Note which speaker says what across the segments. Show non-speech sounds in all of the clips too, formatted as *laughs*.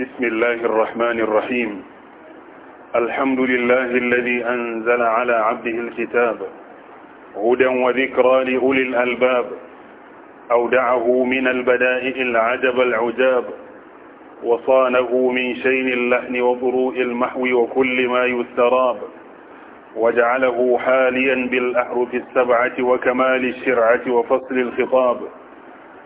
Speaker 1: بسم الله الرحمن الرحيم الحمد لله الذي أنزل على عبده الكتاب هدى وذكرى لأولي الألباب أودعه من البدائع العجب العجاب وصانه من شين اللحن وضروء المحو وكل ما يستراب وجعله حاليا بالأحرف السبعة وكمال الشرعة وفصل الخطاب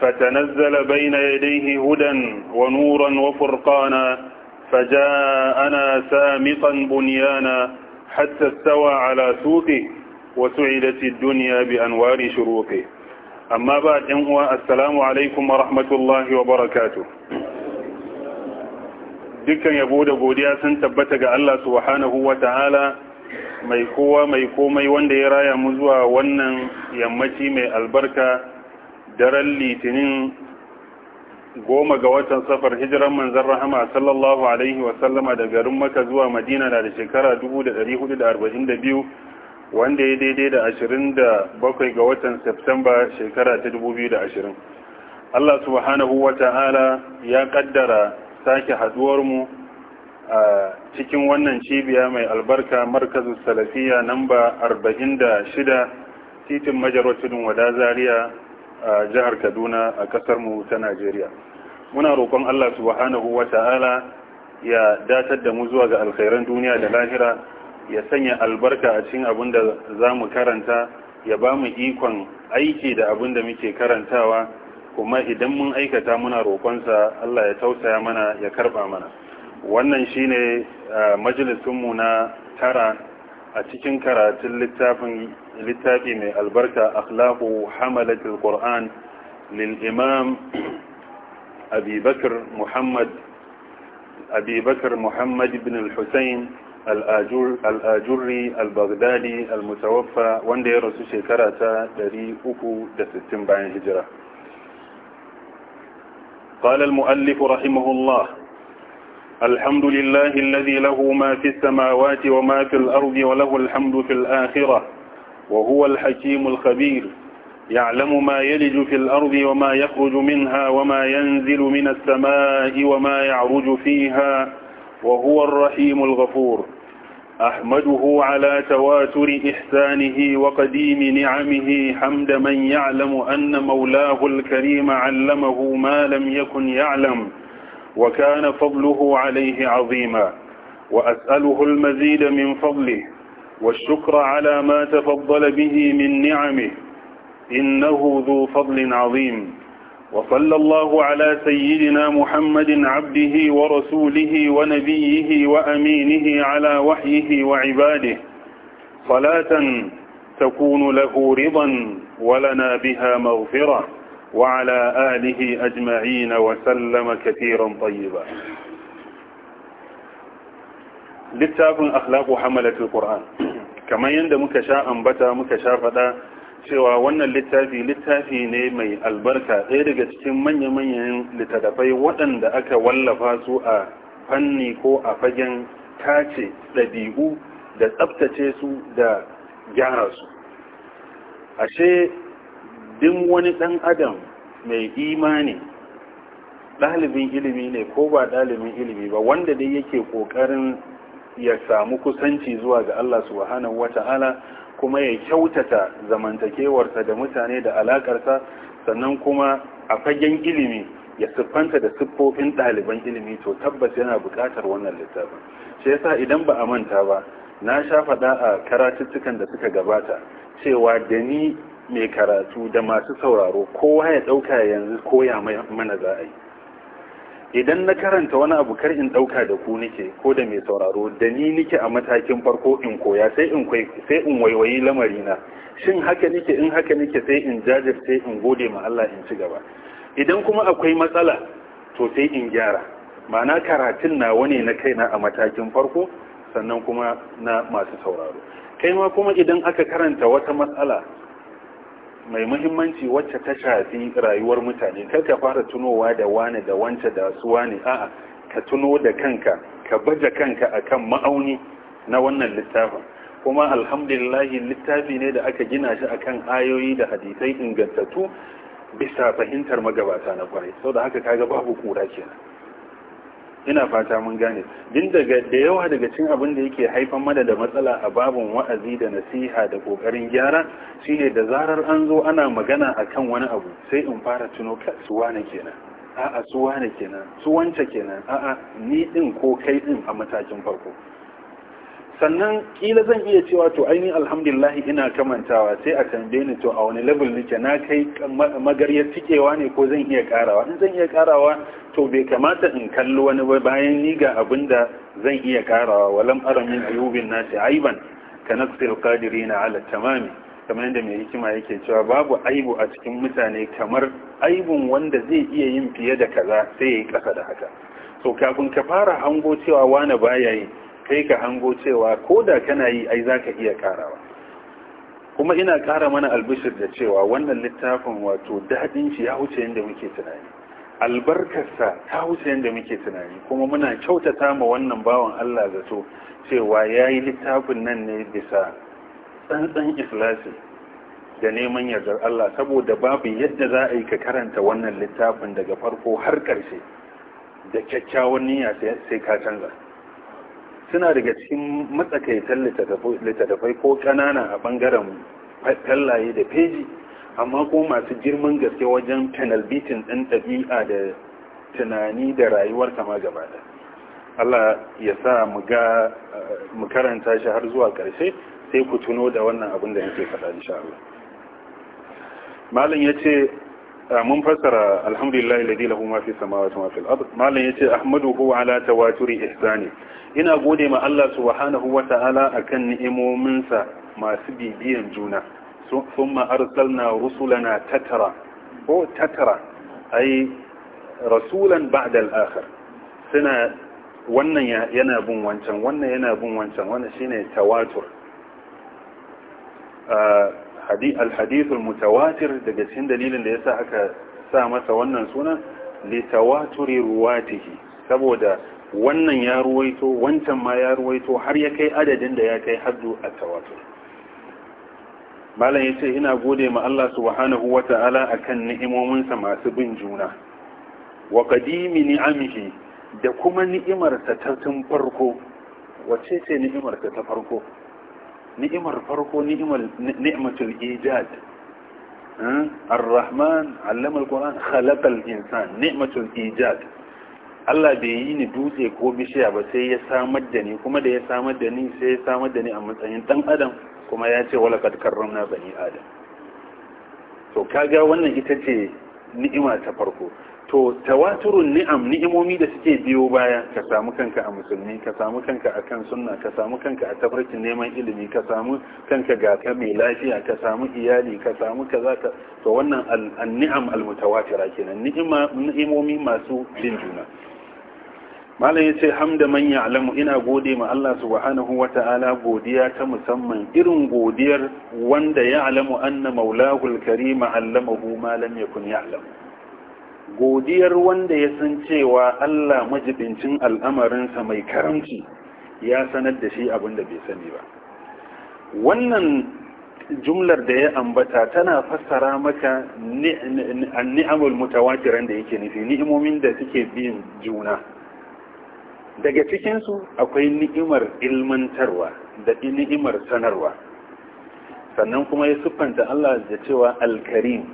Speaker 1: فتنزل بين يديه هدى ونورا وفرقانا فجاءنا سامقا بنيانا حتى استوى على سوقه وسعدت الدنيا بأنوار شروقه أما بعد إنوا السلام عليكم ورحمة الله وبركاته dukkan yabo da godiya sun tabbata ga Allah subhanahu wa ta'ala mai kowa mai komai wanda ya raya mu zuwa wannan yammaci mai albarka daren litinin goma ga watan safar hijiran manzan rahama sallallahu alaihi wasallama da garin maka zuwa madina na da shekara 1442 wanda ya daidai da 27 ga watan septemba shekara ta 2020 Allah subhanahu wa ta'ala ya kaddara sake haduwarmu a cikin wannan cibiya mai albarka markazin salafiya namba 46 titin majarotunin wada zaria a jihar kaduna a mu ta najeriya muna roƙon allah subhanahu wa ta'ala ya datar da mu zuwa ga alkhairan duniya da lahira ya sanya albarka a cikin abin da za mu karanta ya ba mu ikon aiki da abin da muke karantawa kuma idan mun aikata muna roƙonsa allah ya tausaya mana ya karɓa mana wannan shine majalisunmu na tara a cikin karatun littafin littafi mai albarka akhlaqu hamalatul qur'an lil imam abi bakr muhammad abi bakr muhammad ibn al-husayn al-ajurri al-baghdadi al-mutawaffa wanda ya rasu shekara ta 360 bayan hijira قال المؤلف رحمه الله الحمد لله الذي له ما في السماوات وما في الأرض وله الحمد في الآخرة وهو الحكيم الخبير يعلم ما يلج في الأرض وما يخرج منها وما ينزل من السماء وما يعرج فيها وهو الرحيم الغفور أحمده على تواتر إحسانه وقديم نعمه حمد من يعلم أن مولاه الكريم علمه ما لم يكن يعلم وكان فضله عليه عظيما وأسأله المزيد من فضله والشكر على ما تفضل به من نعمه إنه ذو فضل عظيم وصلى الله على سيدنا محمد عبده ورسوله ونبيه وأمينه على وحيه وعباده صلاة تكون له رضا ولنا بها مغفره وعلى آله أجمعين وسلم كثيرا طيبا littafin akhlaqu hamalatul qur'an kamar yanda muka sha ambata muka sha fada cewa wannan littafi littafi ne mai albarka ɗaya daga cikin manya-manyan littattafai waɗanda aka wallafa su a fanni ko a fagen tace ɗabi'u da tsabtace su da gyara su ashe din wani ɗan adam mai imani ɗalibin ilimi ne ko ba ɗalibin ilimi ba wanda dai yake ƙoƙarin ya samu kusanci zuwa ga Allah subhanahu wata'ala kuma ya kyautata zamantakewarsa da mutane da alakarsa sannan kuma a fagen ilimi ya siffanta da siffofin ɗaliban ilimi to tabbas yana buƙatar wannan littafin shi yasa idan ba a manta ba na sha faɗa a karatuttukan da suka gabata cewa da ni mai karatu da masu sauraro kowa ya ɗauka yanzu koya mana za a yi idan na karanta wani abu kar in ɗauka da ku nike ko da mai sauraro da ni nike a matakin farko in koya sai in sai in waiwayi lamarina shin haka nike in haka nike sai in jajirce in gode ma Allah in ci gaba idan kuma akwai matsala to sai in gyara ma'ana karatun nawa ne na kaina a matakin farko sannan kuma na masu sauraro kai ma kuma idan aka karanta wata matsala mai muhimmanci wacce ta shafi rayuwar mutane kar ka fara tunowa da wane da wance da su wane a'a ka tuno da kanka ka baje kanka akan ma'auni na wannan littafin kuma alhamdulillah littafi ne da aka gina shi akan ayoyi da hadisai ingantattu bisa fahimtar magabata na kwarai sau da haka kaga babu kura kenan ina fata mun gane din daga da yawa daga cin abin da yake haifan mana da matsala a babin wa'azi da nasiha da kokarin gyara shine da zarar an zo ana magana akan wani abu sai in fara tuno ka suwa na kenan a'a suwa ne kenan suwanta kenan a'a ni din ko kai din a matakin farko sannan kila zan iya cewa to ainihin alhamdulillah ina kamantawa sai a tambaye ni to a wani level nake na kai magarya tikewa ne ko zan iya karawa in zan iya karawa to bai kamata in kallo wani ba bayan ni ga abin da zan iya karawa walam aramin ayubin nasi aiban ka naqsil qadirina ala tamami kamar yadda mai hikima yake cewa babu aibu a cikin mutane kamar aibun wanda zai iya yin fiye da kaza sai ya kasa da haka to kafin ka fara hango cewa wani baya yi kai ka hango cewa ko da kana yi ai za ka iya karawa kuma ina kara mana albishir da cewa wannan littafin wato daɗin shi ya wuce yadda muke tunani albarkarsa ta wuce yadda muke tunani kuma muna kyautata ma wannan bawan Allah zato cewa ya yi littafin nan ne bisa tsantsan islasi da neman yardar Allah saboda babu yadda za a yi ka karanta wannan littafin daga farko har ƙarshe da kyakkyawan niyya sai ka canza. suna daga cikin matsakaitan littattafai ko ƙanana a ɓangaren tallaye da feji amma ko masu girman gaske wajen canal beating ɗin ɗabi'a da tunani da rayuwar kama gabata Allah ya sa mu karanta shi har zuwa ƙarshe sai ku tuno da wannan abin da nake faɗa insha Allah malam ya ce mun fassara alhamdulillah alladhi lahu ma fi samawati wa ma fil ard malam yace ahmaduhu ala tawaturi ihsani ina gode ma Allah subhanahu wa ta'ala akan ni'imomin sa masu bibiyan juna thumma arsalna rusulana tatara ko tatara ai rasulan ba'da al-akhir suna wannan yana bin wancan wannan yana bin wancan wannan shine tawatur alhadithul mutawatir daga cikin dalilin da yasa aka sa masa wannan sunan litawaturi ruwatihi saboda wannan ya ruwaito wancan ma ya ruwaito har ya kai adadin da ya kai haddu a tawatur malam ya ce ina gode ma Allah subhanahu wa ta'ala a kan ni'imominsa masu bin juna wa kadimi ni'amihi da kuma ni'imarsa ta tun farko wace ce ni'imarsa ta farko ni'imar farko ni'matul ijad hmm? ar-rahman allama al-quran al insan ni'matul ijad Allah bai yi ni dutse ko bishiya ba sai ya samar da ni kuma da ya samar da ni sai ya samar da ni a matsayin dan adam kuma ya ce wala kad karramna bani adam to kaga wannan ita ce ni'ima ta farko to tawaturun ni'am ni'imomi da suke biyo baya ka samu kanka a musulmi ka samu kanka a kan sunna ka samu kanka a tafarkin neman ilimi ka samu kanka ga ka mai lafiya ka samu iyali ka samu kaza ka to wannan niam almutawatira kenan ni'imomi masu bin juna malam ya ce hamda man ya'lamu ina gode ma Allah subhanahu wa ta'ala godiya ta musamman irin godiyar wanda ya'lamu anna maulahul karima allamahu ma lam yakun ya'lamu godiyar wanda ya san cewa Allah majibincin al'amarinsa mai karamci ya sanar da shi abin da bai sani ba wannan jumlar da ya ambata tana fassara maka ni'amul mutawatiran da yake nufi ni'imomin da suke biyan juna daga cikinsu akwai ni'imar ilmantarwa da ni'imar sanarwa sannan kuma ya siffanta Allah da cewa alkarim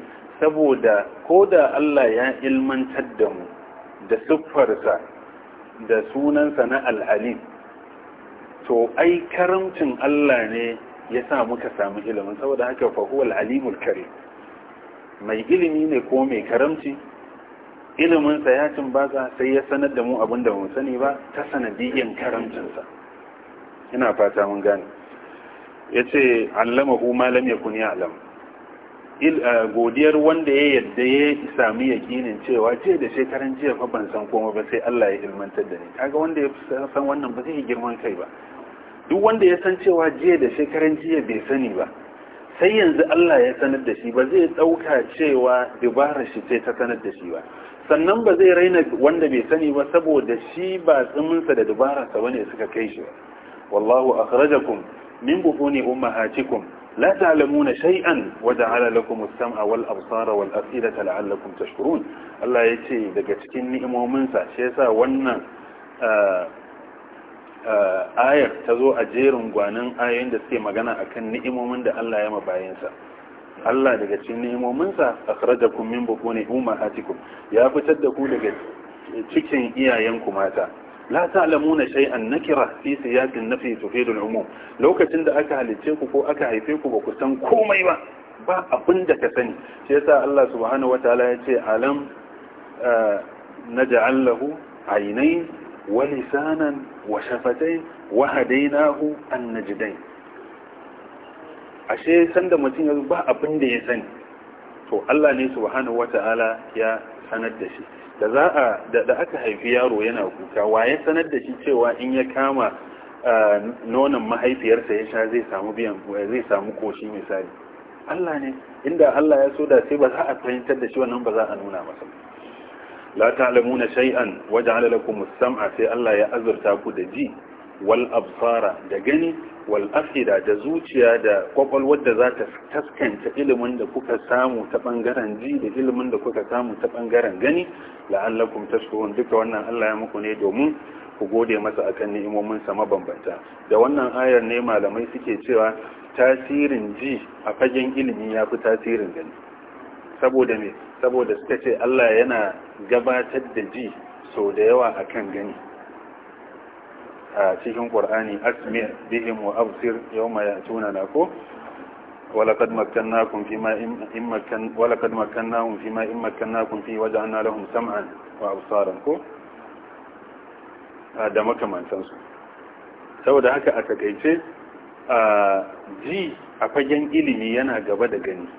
Speaker 1: saboda ko da Allah ya ilmantar da mu da siffarsa da sunansa na al'alim to ai karamcin Allah ne ya sa muka samu ilimin saboda haka fahuwal al'alimul kare mai ilimi ne ko mai karamci iliminsa ya cin baza sai ya sanar da mu abin da mun sani ba ta sanadiyyar karamcinsa ina fata mun gane ya ce allama ku malam ya kuni ya alama Eh, godiyar wanda ya yadda ya sami yakinin cewa jiya da shekaran jiya fa ban san koma ba sai Allah ya ilmantar da ni kaga wanda ya san wannan ba zai girman kai ba duk wanda ya san cewa jiya da shekaran jiya bai sani ba sai yanzu Allah ya sanar da shi ba zai dauka cewa dubarar shi ce ta sanar da shi ba sannan ba zai raina wanda bai sani ba saboda shi ba tsiminsa da dubararsa bane suka kai shi wallahu akhrajakum min bufuni ummahatikum لا تعلمون شيئا وجعل لكم السمع والابصار والافئده لعلكم تشكرون الله yace daga cikin ni'imomin sa shi yasa wannan ayar ta zo a jerin gwanin ayoyin da suke magana akan ni'imomin da Allah ya mabayin sa Allah daga cikin ni'imomin sa akhrajakum min bukuni ummahatikum ya fitar da ku daga cikin iyayenku mata la ta'lamuna shay'an nakira fi siyaqin nafi tufidu al-umum lokacin da aka halice ku ko aka haife ku ba ku san komai ba ba abin da ka sani shi yasa Allah subhanahu wataala ya ce alam eh, naj'al lahu aynayn wa lisanan wa shafatayn wa hadaynahu an-najdayn ashe sanda mutum yanzu ba abin da ya sani to Allah ne subhanahu wataala ya sanar da shi da za a da aka haifi yaro yana kuka waye sanar da shi cewa in ya kama nonon mahaifiyarsa ya sha zai samu biyan zai samu koshi misali Allah ne inda Allah ya so da sai ba za a fahimtar da shi wannan ba za a nuna masa la ta'lamuna shay'an waja'ala lakum as-sam'a sai Allah ya azurta ku da ji wal absara da gani wal afida da zuciya da kwakwalwar da za ta taskanta ilimin da kuka samu ta bangaren ji da ilimin da kuka samu ta bangaren gani la'allakum tashkurun duka wannan Allah ya muku ne domin ku gode masa a akan ni'imomin sa mabambanta da wannan ayar ne malamai suke cewa tasirin ji a fagen ilimi ya fi tasirin gani saboda me saboda suka ce Allah yana gabatar da ji sau da yawa akan gani a cikin qur'ani asmi bihim wa absir yawma ya'tuna na ko ولقد مكناكم فيما إن مكن ولقد مكناهم فيما إن مكناكم فيه وجعلنا wa سمعا وأبصارا ku. da makamantansu saboda haka a takaice a ji a fagen ilimi yana gaba da gani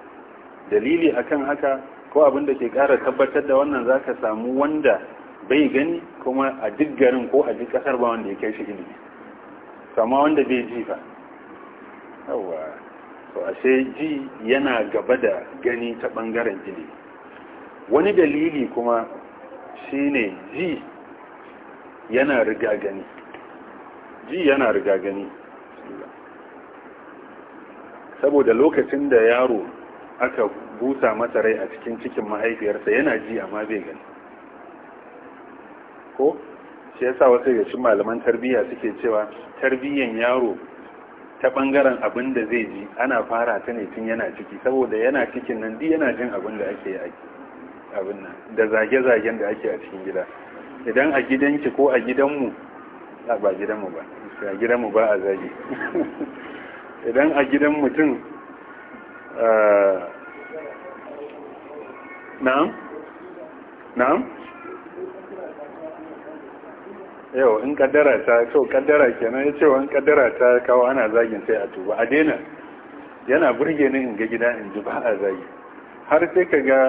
Speaker 1: dalili akan haka ko abin da ke kara tabbatar da wannan zaka samu wanda bai gani kuma a duk garin ko a duk kasar ba wanda ya kai shi ilimi kama wanda bai ji fa yawa to sai ji yana gaba da gani ta bangaren ilimi wani dalili kuma shine ji yana riga gani ji yana riga gani saboda lokacin da yaro aka busa masa rai a cikin cikin mahaifiyarsa yana ji amma bai gani ko shi yasa wasu daga cikin malaman tarbiyya suke cewa tarbiyyan yaro ta bangaren abin da zai ji ana fara ta ne tun yana ciki saboda yana cikin nan duk yana jin abin da ake yi abin nan da zage-zagen da ake a cikin gida idan a gidanki ko a gidanmu ba gidanmu ba a gidanmu ba a zage *laughs* idan a gidan mutum eh, na'am na'am yau in kaddara ta to kaddara kenan ya ce in kaddara ta kawo ana zagin sai a tuba a daina yana burge ni in ga gida in ji ba a zagi har sai ka ga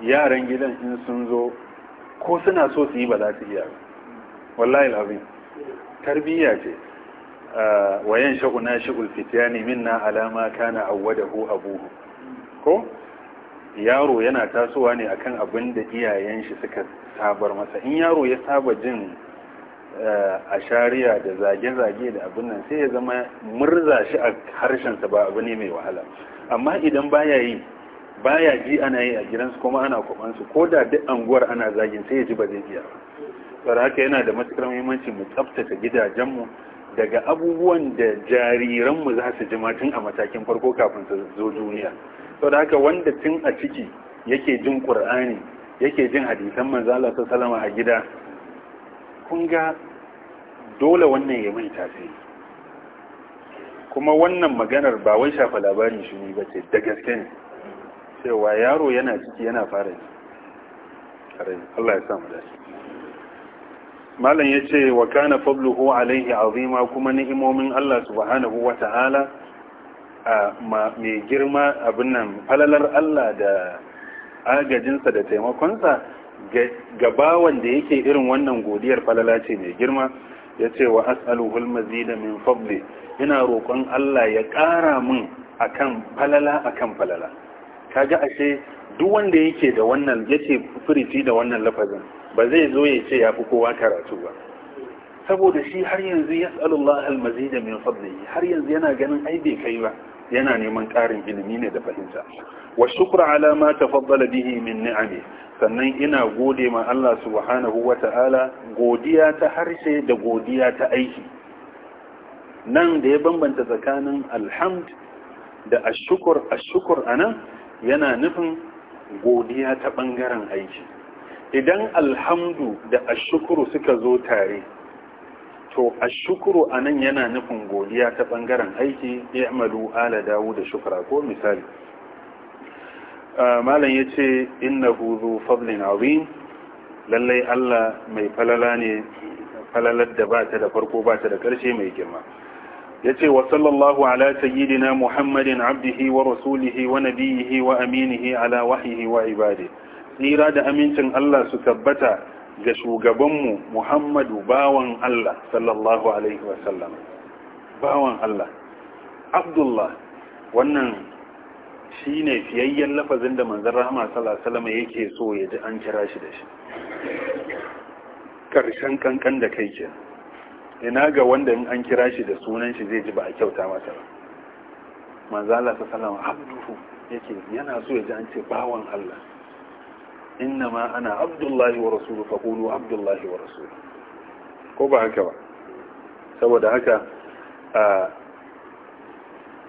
Speaker 1: yaran gidan in sun zo ko suna so su yi ba za su iya wallahi labin tarbiyya ce wa yanshaku nashi'ul min minna alama kana awwadahu abu ko yaro yana tasowa ne akan abin da iyayen shi suka sabar masa in yaro ya saba jin eh, a shari'a da zage-zage da abin nan sai ya zama murza shi a harshensa ba abu ne mai wahala amma idan baya yi baya ji ana yi a gidansu kuma ana kwamansu ko da duk anguwar ana zagin sai ya ji ba zai ba haka yana da matukar muhimmanci mu tsaftace gidajenmu daga abubuwan da jariranmu za su ji tun a matakin farko kafin su zo duniya saboda haka wanda tun a ciki yake jin ƙur'ani yake jin hadisan manzo Allah sallallahu a gida kun ga dole wannan ya mai tasiri kuma wannan maganar ba wai shafa labarin shi ne bace da gaske ne cewa yaro yana ciki yana fara kare Allah ya sa mu dace malam yace wa kana fadluhu alaihi azima kuma ni'imomin Allah subhanahu wata'ala a mai girma abin nan falalar Allah da agajinsa da taimakonsa gaba wanda yake irin wannan godiyar falala ce mai girma ya ce wa as'aluhul mazida min fadli ina roƙon Allah ya ƙara min akan falala akan falala Ka ga ashe duk wanda yake da wannan yace da wannan lafazin ba zai zo ya ce ya fi kowa karatu ba saboda shi har yanzu ya yas'alullahi almazi da min fadli har yanzu yana ganin ai bai kai ba yana neman ƙarin ilimi ne da fahimta wa shukra ala ma tafaddala bihi min ni'ami sannan ina gode ma Allah subhanahu wata'ala godiya ta harshe da godiya ta aiki nan da ya bambanta tsakanin alhamd da ashukur ashukur anan yana nufin godiya ta bangaren aiki idan alhamdu da ashukuru suka zo tare to a shukuru a nan yana nufin godiya ta ɓangaren aiki ya amalu ala dawo da shukura ko misali ah, malam ya ce inna huzu fablin azim lallai allah mai falala ne falalar da ba ta da farko ba ta da ƙarshe mai girma ya ce wa sallallahu ala sayyidina muhammadin abdihi wa rasulihi wa nabiyihi wa aminihi ala wahihi wa ibadi tsira da amincin allah su tabbata ga shugabanmu muhammadu bawan Allah sallallahu alaihi wasallam bawan Allah abdullah wannan shi ne fiyayyen lafazin da manzan rahama sallallahu yake so ya ji an kira shi da shi ƙarshen kankan da kai ke ina ga wanda in an kira shi da sunan shi zai ji ba a kyauta masa ba manzan Allah sallallahu alaihi wasallam Abdullah yake yana so ya ji an ce bawan Allah Inna ma ana abdullahi wa rasulu faqulu abdullahi wa rasulu ko ba haka ba saboda haka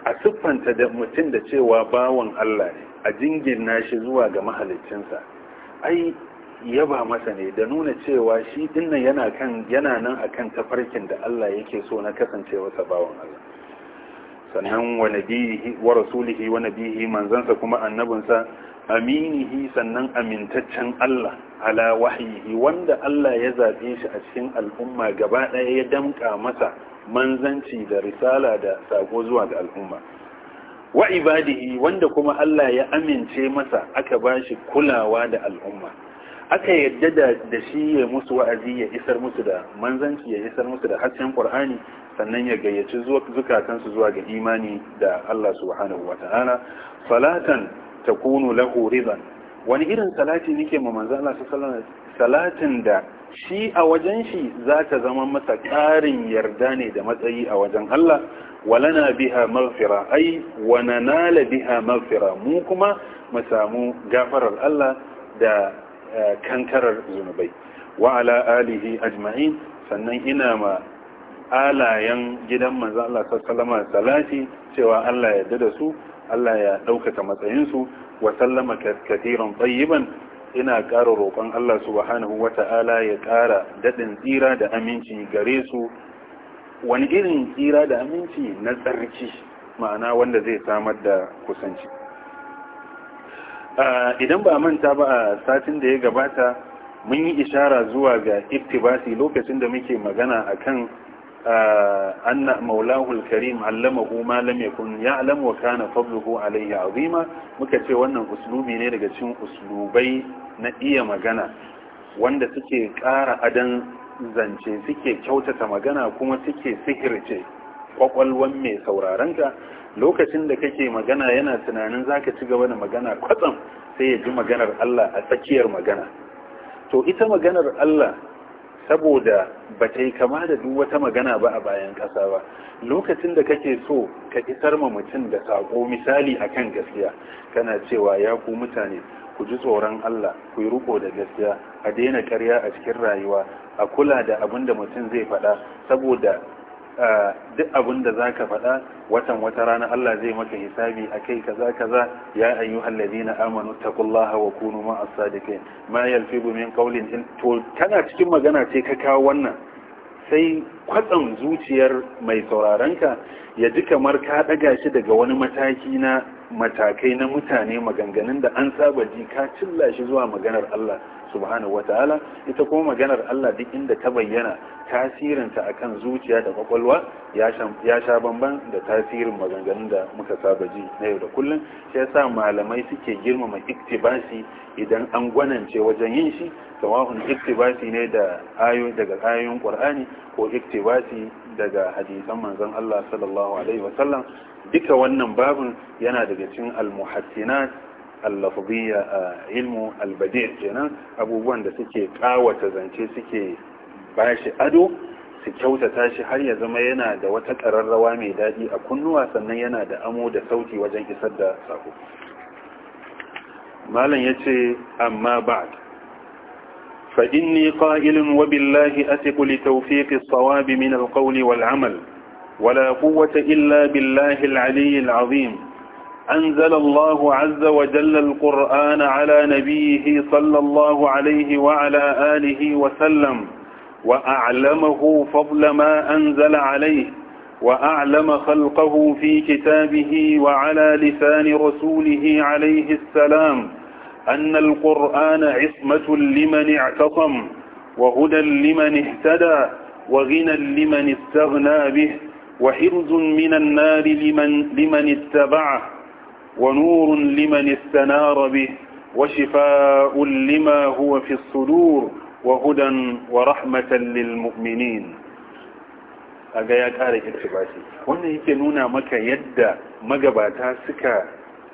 Speaker 1: a siffanta da mutum da cewa bawon Allah ne a jingin shi zuwa ga mahalicinsa ai yaba masa ne da nuna cewa shi dinnan yana kan yana nan akan tafarkin da Allah yake so na kasancewarsa bawan Allah sannan wa nabihi wa rasulihi wa nabihi manzansa kuma annabinsa aminihi sannan amintaccen Allah ala wahayi wanda Allah ya zaɓe shi a cikin al'umma gaba ɗaya ya damƙa masa manzanci da risala da sako zuwa ga al'umma wa ibadihi wanda kuma Allah ya amince masa aka ba shi kulawa da al'umma aka yadda da shi ya musu wa'azi ya isar musu da manzanci ya isar musu da hasken Qur'ani sannan ya gayyaci zukatansu zuwa ga imani da Allah subhanahu wata'ala Falatan. salatan takunu lahu ridan wani irin salati nike ma manzo Allah sallallahu alaihi salatin da shi a wajen shi za ta zama masa ƙarin yarda ne da matsayi a wajen Allah walana biha maghfira ai wa biha maghfira mu kuma mu samu gafarar Allah da eh, kankarar zunubai wa ala alihi ajma'in sannan ina ma alayen gidan manzo Allah sallallahu alaihi wasallam salati cewa Allah ya yarda da su Allah ya ɗaukaka matsayinsu wa sallama katiran tayyiban ina ƙara roƙon Allah subhanahu wata'ala ya ƙara daɗin tsira da aminci gare su wani irin tsira da aminci na tsarki ma'ana wanda zai samar da kusanci ah, idan ba manta ba a satin da ya gabata mun yi ishara zuwa ga iftibasi lokacin da muke magana akan أن مولاه الكريم علمه ما لم يكن يعلم وكان فضله عليه عظيما مكتب wannan uslubi ne daga cikin uslubai na iya magana wanda suke ƙara adon zance suke kyautata magana kuma suke sihirce kwakwalwan mai saurarenka lokacin da kake magana yana tunanin zaka ci gaba da magana kwatsam sai ya ji maganar Allah a tsakiyar magana to ita maganar Allah saboda ba ta yi kama da duk wata magana ba a bayan ƙasa ba lokacin da kake so ka isar ma mutum da saƙo misali a kan gaskiya kana cewa ya ku mutane ku ji tsoron Allah ku yi riko da gaskiya a daina ƙarya a cikin rayuwa a kula da abin da mutum zai faɗa saboda duk abin da za ka faɗa watan wata rana Allah zai maka hisabi a kai kaza kaza ya ayyu na amanu taqullaha wa kunu ma'as sadiqin ma yalfibu min qawlin to tana cikin magana ce ka kawo wannan sai kwatsan zuciyar mai saurarenka ya ji kamar ka ɗaga shi daga wani mataki na matakai na mutane maganganun da an saba ji ka cilla shi zuwa maganar Allah subhanahu wataala ita kuma maganar Allah duk inda ta bayyana tasirinta akan zuciya da kwakwalwa ya sha bamban da tasirin maganganun da muka saba ji na yau da kullum shi yasa malamai suke girmama iktibasi idan an gwanance wajen yin shi tawahun iktibasi ne da ayoyi daga ayoyin Qur'ani ko iktibasi daga hadisan manzon Allah sallallahu alaihi wasallam duka wannan babun yana daga cikin almuhassinat allafziya a ilmu albadi kenan abubuwan da suke kawata zance suke bashi ado su kyautata shi har ya zama yana da wata ƙararrawa mai daɗi a kunnuwa sannan yana da amo da sauti wajen isar da sako malam ya ce amma ba'd فإني قائل وبالله أثق لتوفيق الصواب من القول والعمل ولا قوة إلا بالله العلي العظيم أنزل الله عز وجل القرآن على نبيه صلى الله عليه وعلى آله وسلم وأعلمه فضل ما أنزل عليه وأعلم خلقه في كتابه وعلى لسان رسوله عليه السلام أن القرآن عصمة لمن اعتصم وهدى لمن اهتدى وغنى لمن استغنى به وحرز من النار لمن, لمن اتبعه ونور لمن استنار به وشفاء لما هو في الصدور وهدى ورحمة للمؤمنين aga ya kara irtibasi wannan yake nuna maka yadda magabata suka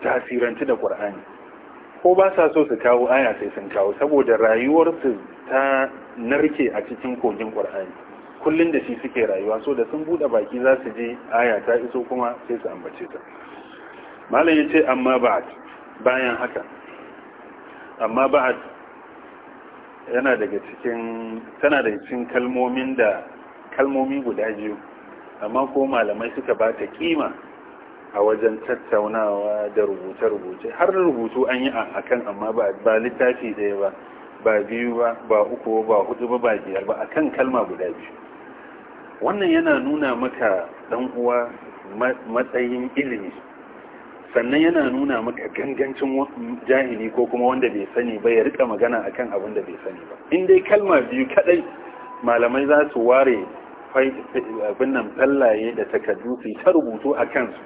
Speaker 1: tasirantu da Qur'ani ko ba sa so su kawo aya sai sun kawo saboda rayuwarsu ta narke a cikin kogin ƙur'ani kullum da shi suke rayuwa so da sun buɗe baki za su je aya ta iso kuma sai su ambace ta malam ya ce amma ba'ad bayan haka amma ba'ad yana daga cikin tana daga cikin kalmomin da kalmomi guda biyu amma ko malamai suka ba ta kima a wajen tattaunawa da rubuce-rubuce har rubutu an yi a akan amma ba littafi ɗaya ba ba biyu ba ba uku ba hudu ba ba biyar ba akan kalma guda biyu wannan yana nuna maka ɗan uwa matsayin ilimi sannan yana nuna maka gangancin jahili ko kuma wanda bai sani ba ya rika magana akan abin da bai sani ba in dai kalma biyu kadai malamai za su ware abin nan fallaye da takardu su ta rubutu a kansu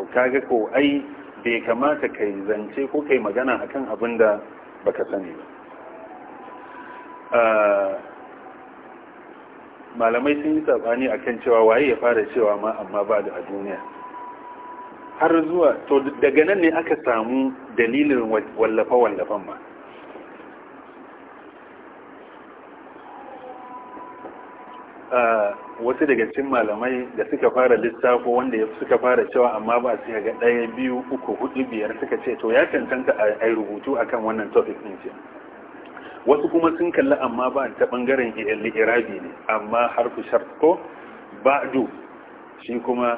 Speaker 1: to kage ko ai bai kamata kai zance ko kai magana akan abin da baka sani ba ah, malamai sun yi sabani akan cewa waye ya fara cewa ma amma ba da a duniya har zuwa to daga nan ne aka samu dalilin wallafa-wallafan ma Uh, wasu daga cikin malamai da suka fara lissafo wanda ya suka fara cewa amma ba su ga ɗaya biyu uku hudu biyar suka ce to ya cancanta a yi rubutu akan wannan topic ɗin ce wasu kuma sun kalli amma ba ta ɓangaren irabi ne amma harfi shart ko ba'du shi kuma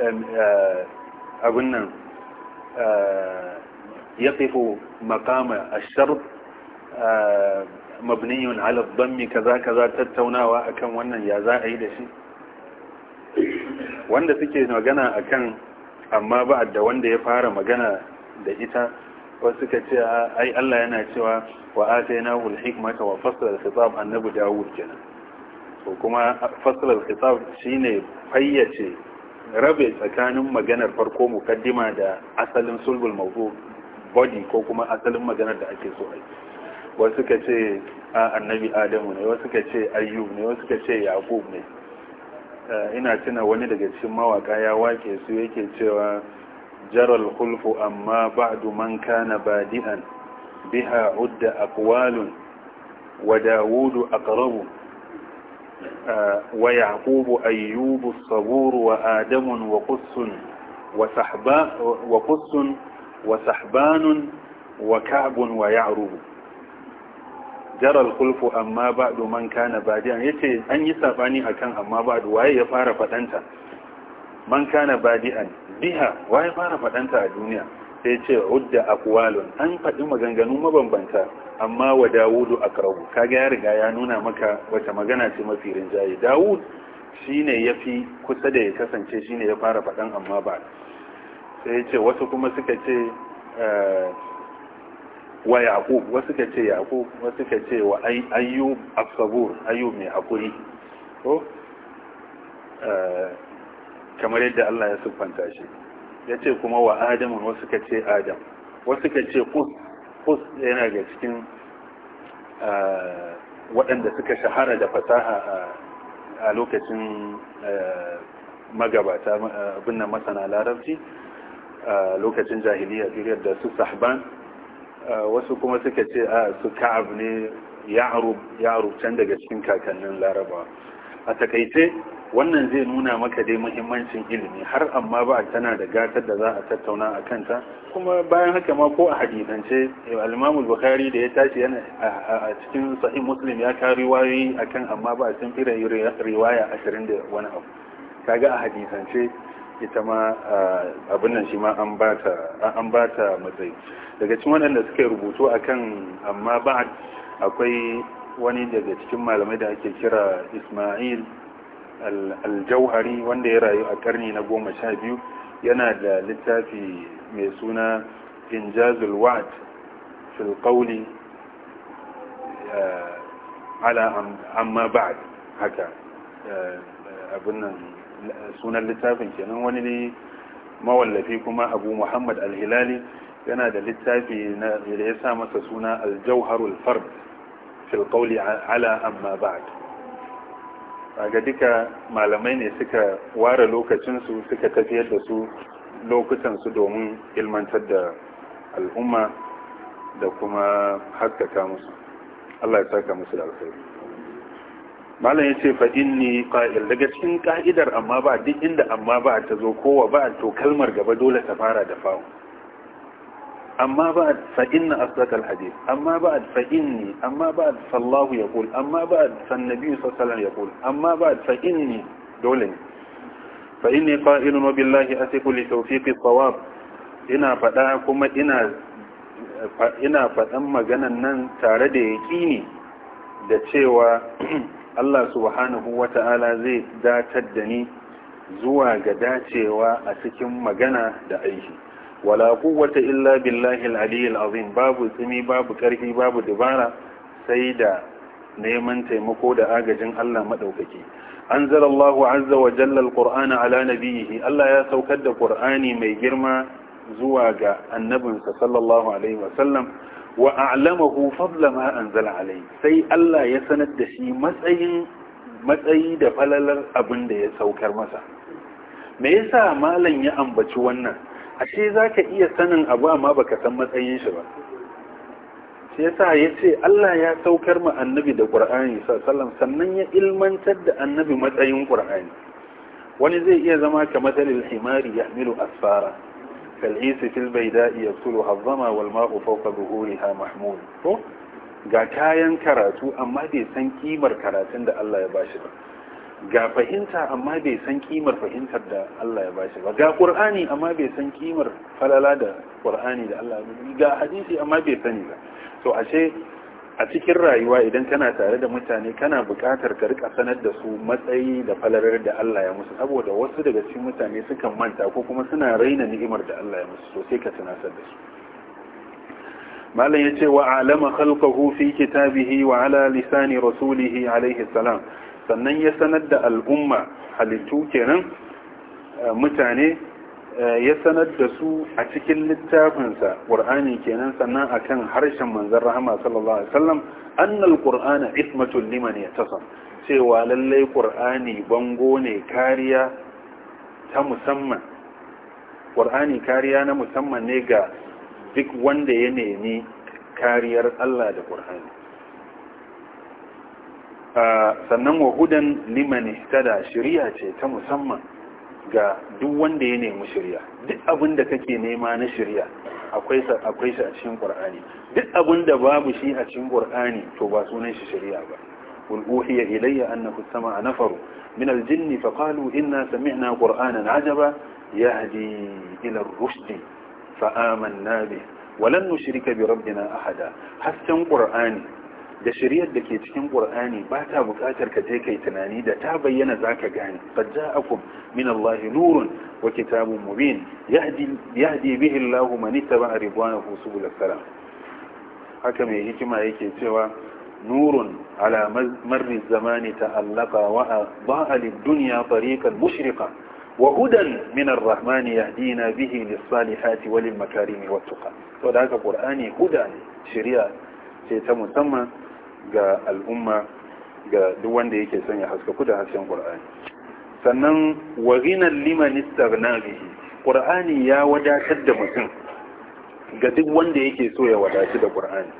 Speaker 1: eh, abin nan eh, ya fifo makama a mabniyun ala dhammi kaza kaza tattaunawa akan wannan ya za a yi da shi wanda suke magana akan amma ba da wanda ya fara magana da ita wasu suka ce ai Allah yana cewa wa atayna hul hikmata wa fasala al khitab annabi Dawud kenan to kuma fasala al khitab shine fayyace rabe tsakanin maganar farko mukaddima da asalin sulbul mawdu body ko kuma asalin maganar da ake so a wasu ka ce annabi adamu ne wasu ka ce ayyub ne wasu ka ce yaqub ne eh, ina tuna wani daga cikin mawaka ya wake su yake cewa jaral khulfu amma ba'du man kana badi'an biha udda aqwalun wa dawudu aqrabu eh, wa yaqubu ayyubu sabur wa wa qussun wa sahba wa qussun wa sahbanun wa ka'bun wa ya'rubu jaral kulfu amma ba'du man kana badiyan yace an yi sabani akan amma ba'du waye ya fara fadanta man kana badiyan biha waye fara fadanta a duniya sai yace udda aqwalun an fadi maganganu mabambanta amma wa dawudu akrabu kaga ya riga ya nuna maka wata magana ce mafi rinjaye dawud shine yafi kusa da ya kasance shine ya fara fadan amma ba sai ce wasu kuma suka ce eh, wa yaqub wasu ka ce yaqub wasu ka ce wa ayyub as-sabur mai hakuri ko eh, kamar yadda Allah ya siffanta shi yace kuma wa adam wasu ka ce adam wasu ka ce qus qus yana ga cikin eh, waɗanda suka shahara da fasaha a lokacin eh, magabata abin nan masana larabci a lokacin jahiliya period da su sahban Eh, wasu kuma suka ce a ah, su ka'ab ne ya'rub can daga cikin kakannin laraba a takaice wannan zai nuna maka dai muhimmancin ilimi har amma ba a tana da gatar da za a tattauna a kanta kuma bayan haka ma ko a hadisance al Bukhari da ya tashi yana a cikin sahih Muslim ya kawo riwayoyi akan amma ba a san fira riwaya 20 da wani abu kaga a hadisance ita ma abin nan shi ma an ba ta matsayi daga cikin waɗanda suka rubutu akan amma ba akwai wani daga cikin malamai da ake kira ismail aljauhari wanda ya rayu a karni na goma sha biyu yana da littafi mai suna injazul wa'ad fil qawli ala amma ba'd haka abin nan sunan littafin kenan wani ne mawallafi kuma abu muhammad alhilali yana da littafi da ya sa masa suna aljauharul fard fil qawli ala amma ba'd kaga duka malamai ne suka ware lokacinsu suka tafiyar da su lokutansu domin ilmantar da al'umma da kuma haskaka musu Allah ya saka musu da alkhairi malam ya ce faɗin ni ƙa'il daga cikin ka'idar amma ba duk inda amma ba ta zo kowa ba to kalmar gaba dole ta fara da fawo amma ba faɗin na asdakal hadis amma ba faɗin ni amma ba sallahu yaqul amma ba sannabi sassalan ya yaqul amma ba faɗin ni dole ne faɗin ni ƙa'ilun wa billahi a sikuli taufiƙi tsawab ina fada kuma ina ina faɗan maganan nan tare da yaƙini da cewa Allah subhanahu wata'ala zai datar da ni zuwa ga dacewa a cikin magana da aiki wala kuwata illa billahi al azim babu tsimi babu ƙarfi, babu dubara sai da neman taimako da agajin Allah maɗaukaki. anzala Allah azza wa jallar qurana ala nabiyhi Allah ya saukar da qur'ani mai girma zuwa ga annabinsa sallallahu alaihi wasallam wa a'lamahu fadla ma anzala alayhi sai Allah ya sanar da shi matsayin matsayi da falalar abin da ya saukar masa me yasa malam ya ambaci wannan ashe zaka iya sanin abu amma baka san matsayin shi ba shi yasa yace Allah ya saukar ma annabi da Qur'ani sallallahu sannan ya ilmantar da annabi matsayin Qur'ani wani zai iya zama kamar al himari yahmilu asfara kal'isi fil baida'i yaktulu hazzama wal ma'u fawqa ha mahmud to ga kayan karatu amma bai san kimar karatun da Allah ya bashi ba ga fahimta amma bai san kimar fahimtar da Allah ya bashi ba ga qur'ani amma bai san kimar falala da qur'ani da Allah ya bashi ga hadisi amma bai sani ba to ashe a cikin rayuwa idan kana tare da mutane kana buƙatar ka rika sanar da su matsayi da falalar da Allah ya musu saboda wasu daga cikin mutane sukan manta ko kuma suna raina ni'imar da Allah ya musu so sai ka tunasar da su malam yace wa alama khalqahu fi kitabihi wa ala lisani rasulihi alayhi salam sannan ya sanar da al'umma halittu kenan eh, mutane Eh, ya sanar da su a cikin littafinsa ƙur'ani kenan sannan a kan harshen manzan rahama sallallahu alaihi wasallam annal qur'ana ismatul liman tasa cewa lallai ƙur'ani bango ne kariya ta musamman ƙur'ani kariya na musamman ne ga duk wanda ya nemi kariyar Allah da ƙur'ani ah, sannan wahudan liman tada shari'a ce ta musamman ga duk wanda ya nemi shirya duk abin da kake nema na shirya akwai akwai shi a cikin qur'ani duk abin da babu shi a cikin qur'ani to ba sunan shi shirya ba qul uhiya ilayya annahu sama'a nafaru min al-jinni faqalu inna sami'na qur'anan ajaba yahdi ila ar-rushd fa amanna bihi ولن نشرك بربنا أحدا حسن قرآني da shiryar da ke cikin ƙur'ani ba ta buƙatar ka je kai tunani da ta bayyana zaka gane qad ja'akum min allahi nurun wa kitabun mubin yahdi yahdi bihi allah man ittaba ridwanahu subul salam haka mai hikima yake cewa nurun ala marri zamani ta'allaqa wa ba'a lid-dunya tariqan mushriqa وهدى من الرحمن يهدينا به للصالحات وللمكارم والتقى وذلك القرآن ce ta تمسمى ga al'umma ga duk wanda yake son ya haskaku da hasken qur'ani sannan wa ghinan liman istaghna bihi qur'ani ya wadatar da mutum ga duk wanda yake so ya wadaci da qur'ani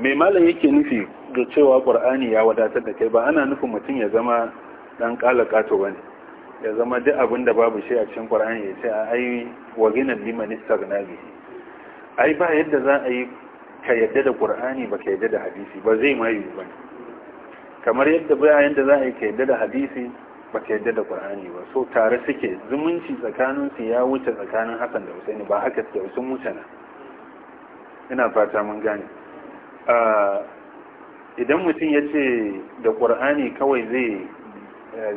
Speaker 1: me malam yake nufi da cewa qur'ani ya wadatar da kai ba ana nufin mutum ya zama dan kalakato bane ya zama duk abin da babu shi a cikin qur'ani ya ce ai wa ghinan liman istaghna bihi ai ba yadda za a yi ka yadda da ƙur'ani ba ka yadda da hadisi ba zai mayu ba kamar yadda bayan da za a yi ka yadda da hadisi ba ka yadda da ƙur'ani ba so tare suke zumunci tsakaninsu ya wuce tsakanin hassan da husaini ba haka suke sun wuce na ina fata mun gane idan mutum ya ce da ƙur'ani kawai zai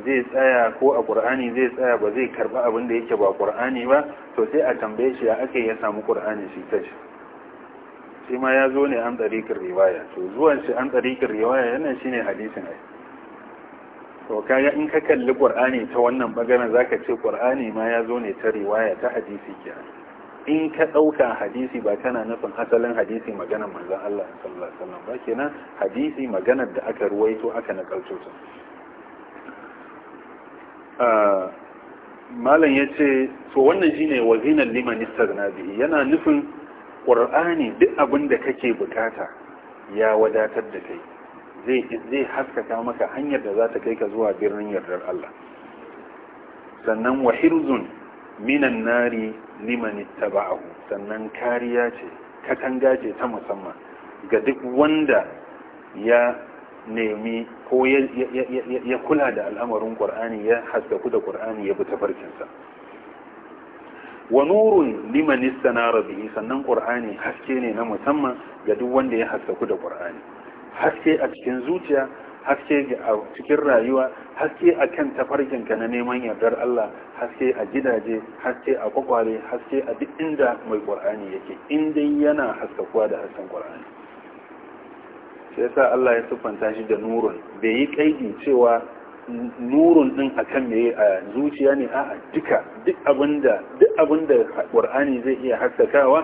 Speaker 1: zai tsaya ko a ƙur'ani zai tsaya ba zai karɓi abin da yake ba ƙur'ani ba to sai a tambaye shi ya ake ya samu ƙur'ani shi kashi shi ma ya zo ne an tsarikin riwaya to zuwan shi an tsarikin riwaya yana shi ne hadisi ne to kaga in ka kalli qur'ani ta wannan za zaka ce qur'ani ma ya zo ne ta riwaya ta hadisi ke in ka ɗauka hadisi ba kana nufin asalin hadisi maganar manzon Allah sallallahu alaihi wasallam ba kenan hadisi maganar da aka ruwaito aka nakalto ta malam yace to wannan shine wazinan liman istaghna bihi yana nufin ƙur'ani duk abin da kake bukata ya wadatar da kai zai haskaka maka hanyar da za ta kai ka zuwa birnin yardar Allah sannan wahirzun minan nari liman taba'ahu sannan kariya ce katanga ce ta musamman ga duk wanda ya nemi ko ya kula da al'amarin ƙur'ani ya haskaku da ƙur'ani ya bi tafarkinsa wa nurun liman istanara bihi sannan qur'ani haske ne na musamman ga duk wanda ya haskaku da qur'ani haske a cikin zuciya haske a cikin rayuwa haske a kan tafarkinka na neman yardar Allah haske a gidaje haske a kwakwale haske a duk inda mai qur'ani yake dai yana haskakuwa da hasken qur'ani sai sa Allah ya siffanta shi da nurun bai yi kaidi cewa nurun din akan me a zuciya ne a duka duk abinda duk abinda qur'ani zai iya haskakawa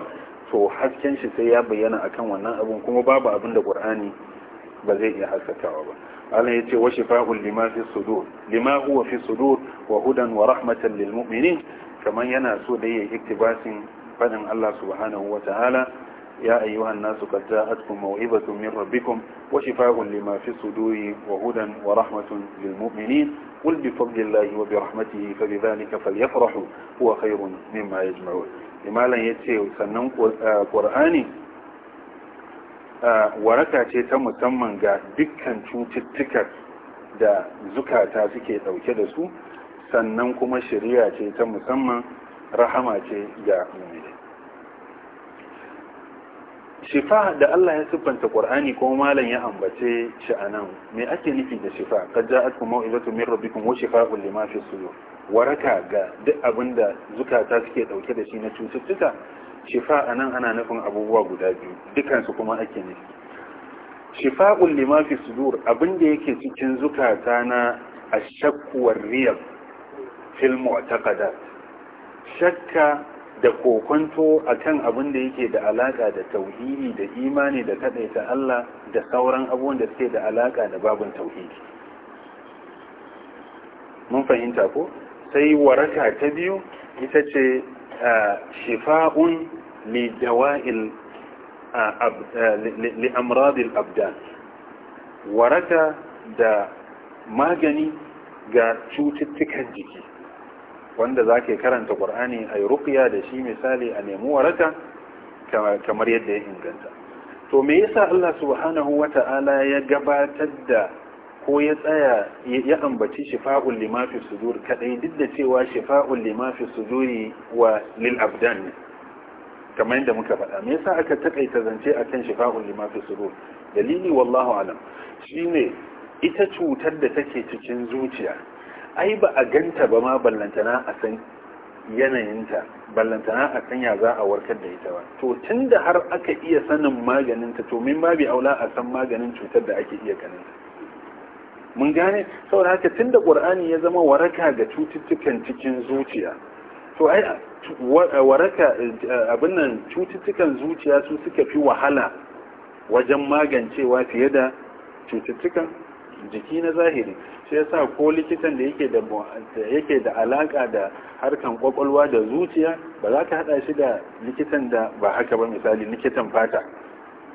Speaker 1: to hasken shi sai ya bayyana akan wannan abin kuma babu abinda qur'ani ba zai iya haskakawa ba Allah yace wa shifa'un lima fi sudur lima huwa fi sudur wa hudan wa rahmatan lil mu'minin kamar yana so da yayi iktibasin fadin Allah subhanahu wa ta'ala يا أيها الناس قد جاءتكم موعظة من ربكم وشفاء لما في الصدور وهدى ورحمة للمؤمنين قل بفضل الله وبرحمته فبذلك فليفرحوا هو خير مما يجمعون لما يتشيء سنن قرآني waraka ce ta musamman ga dukkan cututtukan da zukata suke ɗauke da su sannan kuma shari'a ce ta musamman rahama ce ga mu shifa da Allah ya siffanta Qur'ani ko malam ya ambace shi anan me ake nufi da shifa kad ja'atkum mau'izatu min rabbikum wa shifa lima fi sudur waraka ga duk abinda zukata suke ɗauke da shi na cututtuka shifa anan ana nufin abubuwa guda biyu dukansu su kuma ake nufi shifa'un lima fi sudur abinda yake cikin zukata na ashakku warriyab fil mu'taqadat shakka da kokonto kan abin da yake da alaƙa da tauhidi da imani da kaɗaita Allah da sauran abubuwan da suke da alaka da babin tauhidi mun fahimta ko sai waraka ta biyu ita ce shifa'un li jawa'il li amradil abdan waraka da magani ga cututtukan jiki wanda za karanta ƙur'ani a yi rukiya da shi misali a nemi waraka kamar yadda ya inganta to me yasa Allah subhanahu wa ta'ala ya gabatar da ko ya tsaya ya ambaci shifa'ul lima fi sudur kadai duk da cewa shifa'ul lima fi suduri wa lil abdan ne kamar yadda muka faɗa me yasa aka takaita zance akan shifa'ul lima fi sudur dalili wallahu alam shine ita cutar da take cikin zuciya ai ba a ganta ba ma ballantana a san yanayinta ballantana a san ya za a warkar da ita ba to tun da har aka iya sanin maganinta to min babi aula a san maganin cutar da ake iya ganin mun gane saboda haka tun da ƙur'ani ya zama waraka ga cututtukan cikin zuciya to ai waraka abin nan cututtukan zuciya su suka fi wahala wajen magancewa fiye da cututtukan jiki na zahiri shi yasa ko likitan da yake da yake da alaka da harkan kwakwalwa da zuciya ba za ka hada shi da likitan da ba haka ba misali likitan fata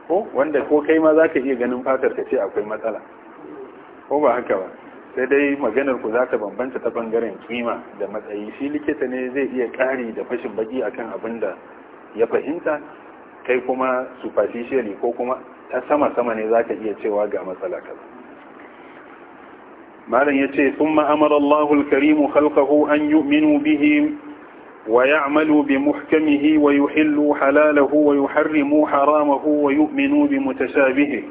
Speaker 1: ko wanda ko kai ma za ka iya ganin fatar ka ce akwai matsala ko ba haka ba sai dai maganar ku za ka bambanta ta bangaren kima da matsayi shi likita ne zai iya kari da fashin baki akan abin da ya fahimta kai kuma superficially ko kuma ta sama-sama ne za ka iya cewa ga matsala kaza مالن يتي ثم أمر الله الكريم خلقه أن يؤمنوا به ويعملوا بمحكمه ويحلوا حلاله ويحرموا حرامه ويؤمنوا بمتشابهه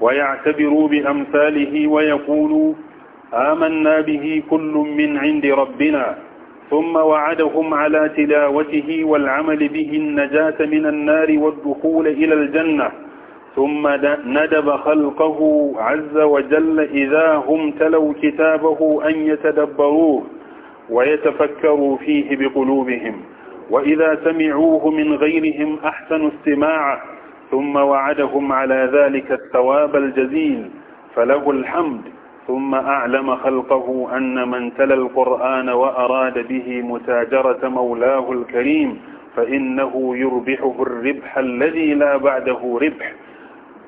Speaker 1: ويعتبروا بأمثاله ويقولوا آمنا به كل من عند ربنا ثم وعدهم على تلاوته والعمل به النجاة من النار والدخول إلى الجنة ثم ندب خلقه عز وجل إذا هم تلوا كتابه أن يتدبروه ويتفكروا فيه بقلوبهم وإذا سمعوه من غيرهم أحسنوا استماعه ثم وعدهم على ذلك الثواب الجزيل فله الحمد ثم أعلم خلقه أن من تلا القرآن وأراد به متاجرة مولاه الكريم فإنه يربحه الربح الذي لا بعده ربح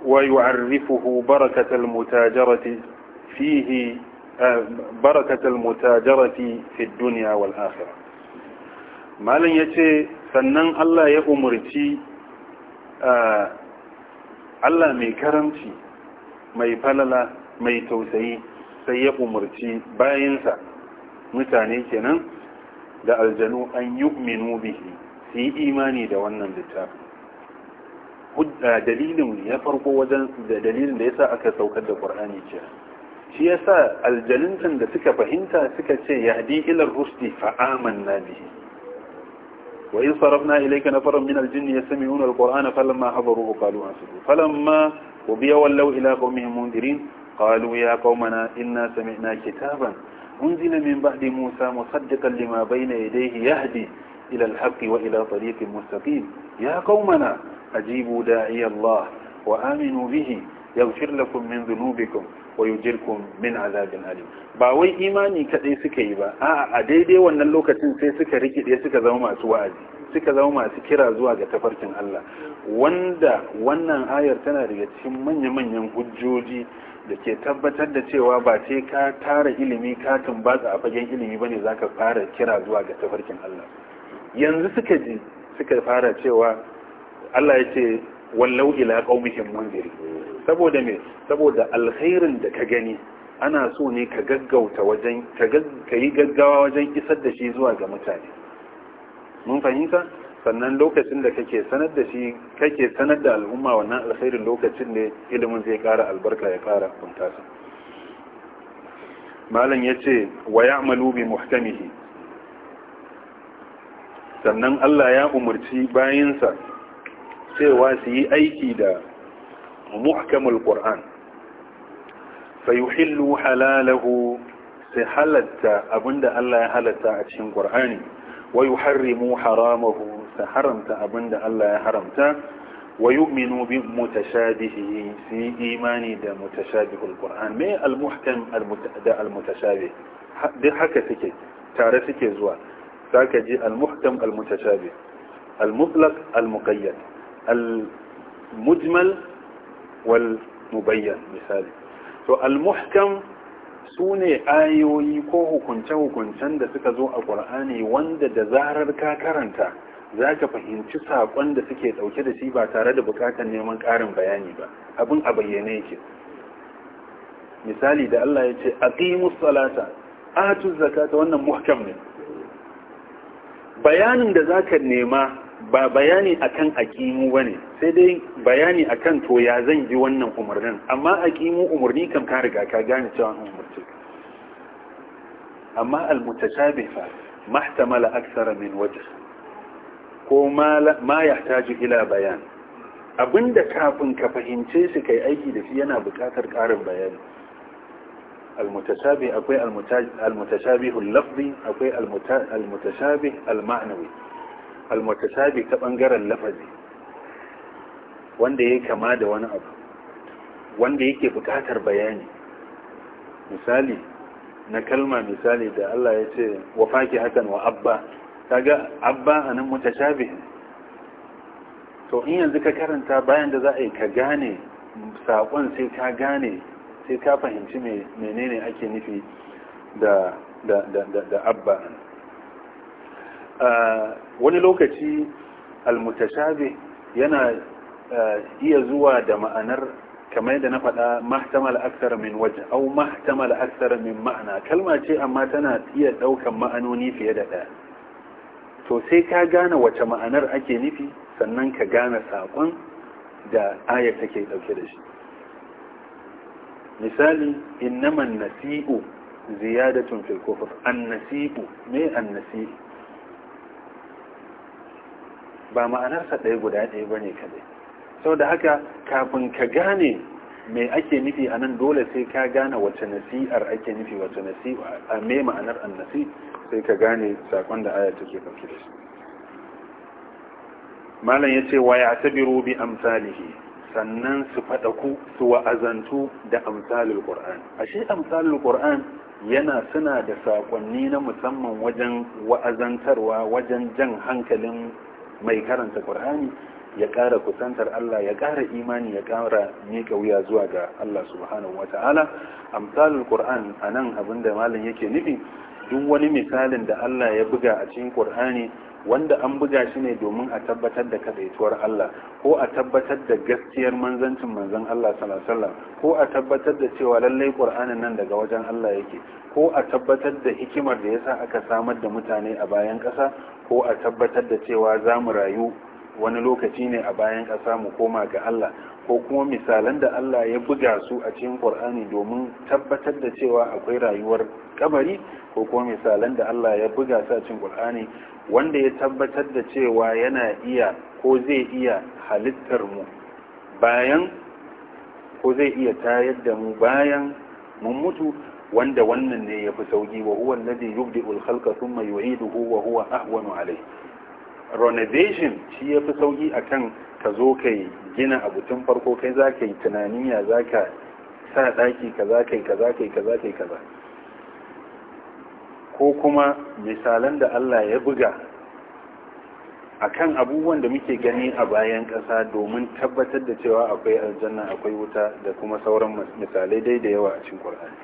Speaker 1: ويعرفه بركة المتاجرة فيه بركة المتاجرة في الدنيا والآخرة malam ya ce sannan Allah mai karamci mai falala mai tausayi sai ya umarci bayansa mutane kenan da aljanu an yi bihi su imani da wannan littafin. dalilin ya farko wajen da dalilin da yasa aka saukar da qur'ani ce shi yasa aljalintan da suka fahimta suka ce yahdi ila rusdi fa amanna bihi wa in sarafna ilayka nafaran min aljin yasmi'una alqur'ana falamma hadaruhu qalu ansitu falamma ubiya wallaw ila qawmihim mundirin qalu ya يا inna sami'na kitaban unzila min ba'di musa musaddiqan lima bayna yadayhi yahdi ila alhaqqi wa ila tariqin mustaqim ya قومنا أجيبوا داعي الله وآمنوا به يغفر لكم من ذنوبكم ويجركم من عذاب أليم ba wai imani kadai suka yi ba A'a, a daidai wannan lokacin sai suka rikide suka zama masu wa'azi suka zama masu kira zuwa ga tafarkin Allah wanda wannan ayar tana daga cikin manya-manyan hujjoji da ke tabbatar da cewa ba sai ka tara ilimi katin tumbatsa a fagen ilimi bane zaka fara kira zuwa ga tafarkin Allah yanzu suka ji suka fara cewa Allah ya ce wallau ila qaumihim munziri saboda me saboda alkhairin da ka gani ana so ne ka gaggauta wajen ka yi gaggawa wajen isar da shi zuwa ga mutane mun fahimta sannan lokacin da kake sanar da shi kake sanar da al'umma wannan alkhairin lokacin ne ilimin zai kara albarka ya kara kuntasa malam yace wa ya'malu bi muhtamihi sannan Allah ya umarci bayinsa cewa su yi aiki da muhkamul qur'an fa yuhillu halalahu sai halatta abinda Allah ya halatta a cikin qur'ani wa yuharrimu haramahu sai haramta abinda Allah ya haramta wa yu'minu bi mutashabihi sai imani da mutashabihul qur'an mai al-muhkam da al-mutashabih duk haka suke tare suke zuwa zaka ji al-muhkam al-mutashabih al-mutlaq al-muqayyad Almujmal mujmal wal mubayyan misali to almuhkam sune ayoyi ko hukunce-hukuncen da suka zo a ƙwar'ani wanda da zarar ka karanta za ka fahimci saƙon da suke ɗauke da shi ba tare da buƙatar neman ƙarin bayani ba abin a bayyane yake misali da Allah ya ce aqimus salata atu ta wannan muhkam ne bayanin da zaka nema ba bayani akan aqimu bane sai dai bayani akan to ya zan yi wannan umarnin amma aqimu umarni kam ka riga ka gane cewa an umarce amma al fa mahtamala akthara min wajh ko ma yahtaju ila bayan abinda kafin ka fahimce shi kai aiki da shi yana buƙatar ƙarin bayani al-mutashabih akwai al-mutashabih al-lafzi akwai al-mutashabih almutasabi ta bangaren lafazi wanda ya kama da wani abu wanda yake bukatar bayani misali na kalma misali da Allah ya ce wa faki hakan wa abba kaga abba anan mutashabih to in yanzu ka karanta bayan da za a yi ka gane sakon sai ka gane sai ka fahimci menene ake nufi da da da da abba wani lokaci almutashabi yana iya zuwa da ma'anar kamar da na faɗa mahtamal aksar min waje au mahtamal aksar min ma'ana kalma ce amma tana iya ɗaukan ma'anoni fiye da ɗaya to sai ka gane wace ma'anar ake nufi sannan ka gane saƙon da ayar take ɗauke da shi misali innaman nasi'u ziyadatun fil an nasi'u me an nasi'u ba ma'anarsa ɗaya guda ɗaya ba ne kaɗai sau da haka kafin ka gane mai ake nufi a nan dole sai ka gane wace nasi'ar ake nufi wace nasi'a a me ma'anar annasi sai ka gane saƙon da aya take ɗauke da shi malam ya ce wa ya tabiru rubi amsalihi sannan su faɗaku su wa'azantu da amsalul qur'an ashe amsalul qur'an yana suna da saƙonni na musamman wajen wa'azantarwa wajen jan hankalin mai karanta Qur'ani ya ƙara kusantar Allah ya ƙara imani ya ƙara miƙa wuya zuwa ga Allah subhanahu wata'ala ta'ala amsalul qur'an anan abinda malam yake nufi duk wani misalin da Allah ya buga a cikin Qur'ani wanda an buga shi ne domin a tabbatar da kadaituwar Allah ko a tabbatar da gaskiyar manzancin manzon Allah sallallahu alaihi wasallam ko a tabbatar da cewa lallai Qur'anin nan daga wajen Allah yake ko a tabbatar da hikimar da yasa aka samar da mutane a bayan ƙasa ko a tabbatar da cewa za mu rayu wani lokaci ne a bayan ƙasa mu koma ga Allah ko kuma misalan da Allah ya buga su a cikin Qur'ani domin tabbatar da cewa akwai rayuwar kabari ko kuma misalan da Allah ya buga su a cikin Qur'ani wanda ya tabbatar da cewa yana iya ko zai iya halittar mu bayan ko zai iya tayar da mu bayan mun mutu wanda wannan ne ya fi sauki wa huwa alladhi yubdi'ul khalqa thumma yu'iduhu wa huwa ahwanu alayhi renovation shi ya fi sauki a kan ka zo ka gina abu tun farko kai za ka yi tunanin ya za ka sa ɗaki ka za ka yi ka za ka yi ka za ka yi ka za ko kuma misalan da Allah ya buga a kan abubuwan da muke gani a bayan ƙasa domin tabbatar da cewa akwai aljanna akwai wuta da kuma sauran misalai dai da yawa a cikin ƙwararri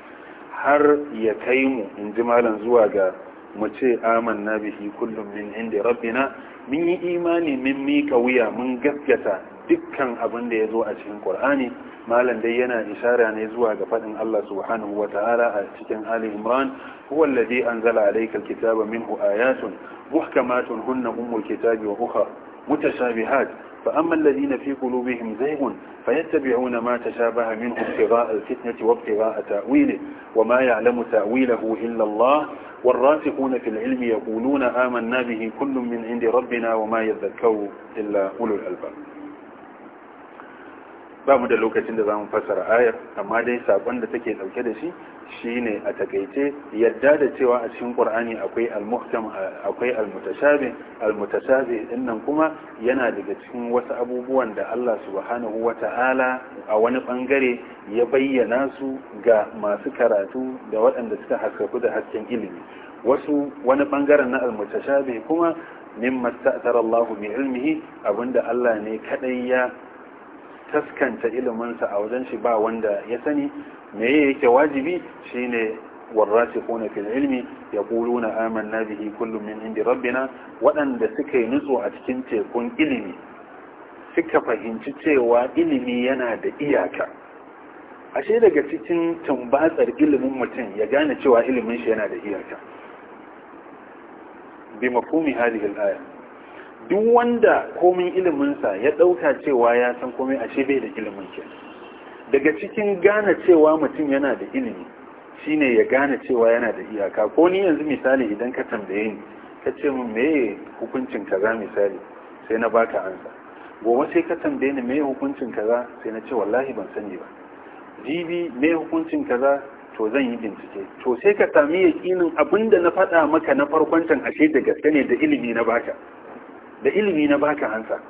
Speaker 1: har ya kai mu in ji malam zuwa ga mu amanna bihi kullum min inda rabbina mun yi imani mun mika wuya mun gaskata dukkan abin da ya zo a cikin qur'ani malam dai yana ishara ne zuwa ga faɗin Allah subhanahu wa ta'ala a cikin Ali Imran huwa alladhi anzala alayka alkitaba minhu ayatun muhkamatun hunna ummul kitabi wa ukhra mutashabihat فأما الذين في قلوبهم زيغ فيتبعون ما تشابه منه ابتغاء الفتنة وابتغاء تأويله وما يعلم تأويله إلا الله والراسخون في العلم يقولون آمنا به كل من عند ربنا وما يذكر إلا أولو الألباب ba mu da lokacin da za mu fassara ayar amma dai sakon da take dauke da shi shine a takaice yadda da cewa a cikin qur'ani akwai al-muhkam akwai al-mutashabih al-mutashabih dinnan kuma yana daga cikin wasu abubuwan da Allah subhanahu wata'ala a wani bangare ya bayyana su ga masu karatu da waɗanda suka haskaku da hasken ilimi wasu wani bangaren na al-mutashabih kuma mimma ta'tara Allah bi ilmihi abinda Allah ne kadai ya taskanta iliminsa a wajen shi ba wanda ya sani me yake wajibi shine والراسخون في العلم يقولون آمنا به كل من عند waɗanda suka nutsu a cikin tekun ilimi suka fahimci cewa ilimi yana da iyaka ashe daga cikin tambatsar ilimin mutum ya gane cewa ilimin shi yana da iyaka bi mafhumi hadhihi al-aya duk wanda komin iliminsa ya dauka cewa ya san komai ashe bai da ilimin kenan daga cikin gane cewa mutum yana da ilimi shine ya gane cewa yana da iyaka ko ni yanzu misali idan ka tambaye ni ka ce min meye hukuncin kaza misali sai na baka ansa gobe sai ka tambaye ni meye hukuncin kaza sai na ce wallahi ban sani ba jibi me hukuncin kaza to zan yi bincike to sai ka sami yakinin abinda na faɗa maka na farkon can ashe da gaske ne da ilimi na baka da ilimi na baka ansa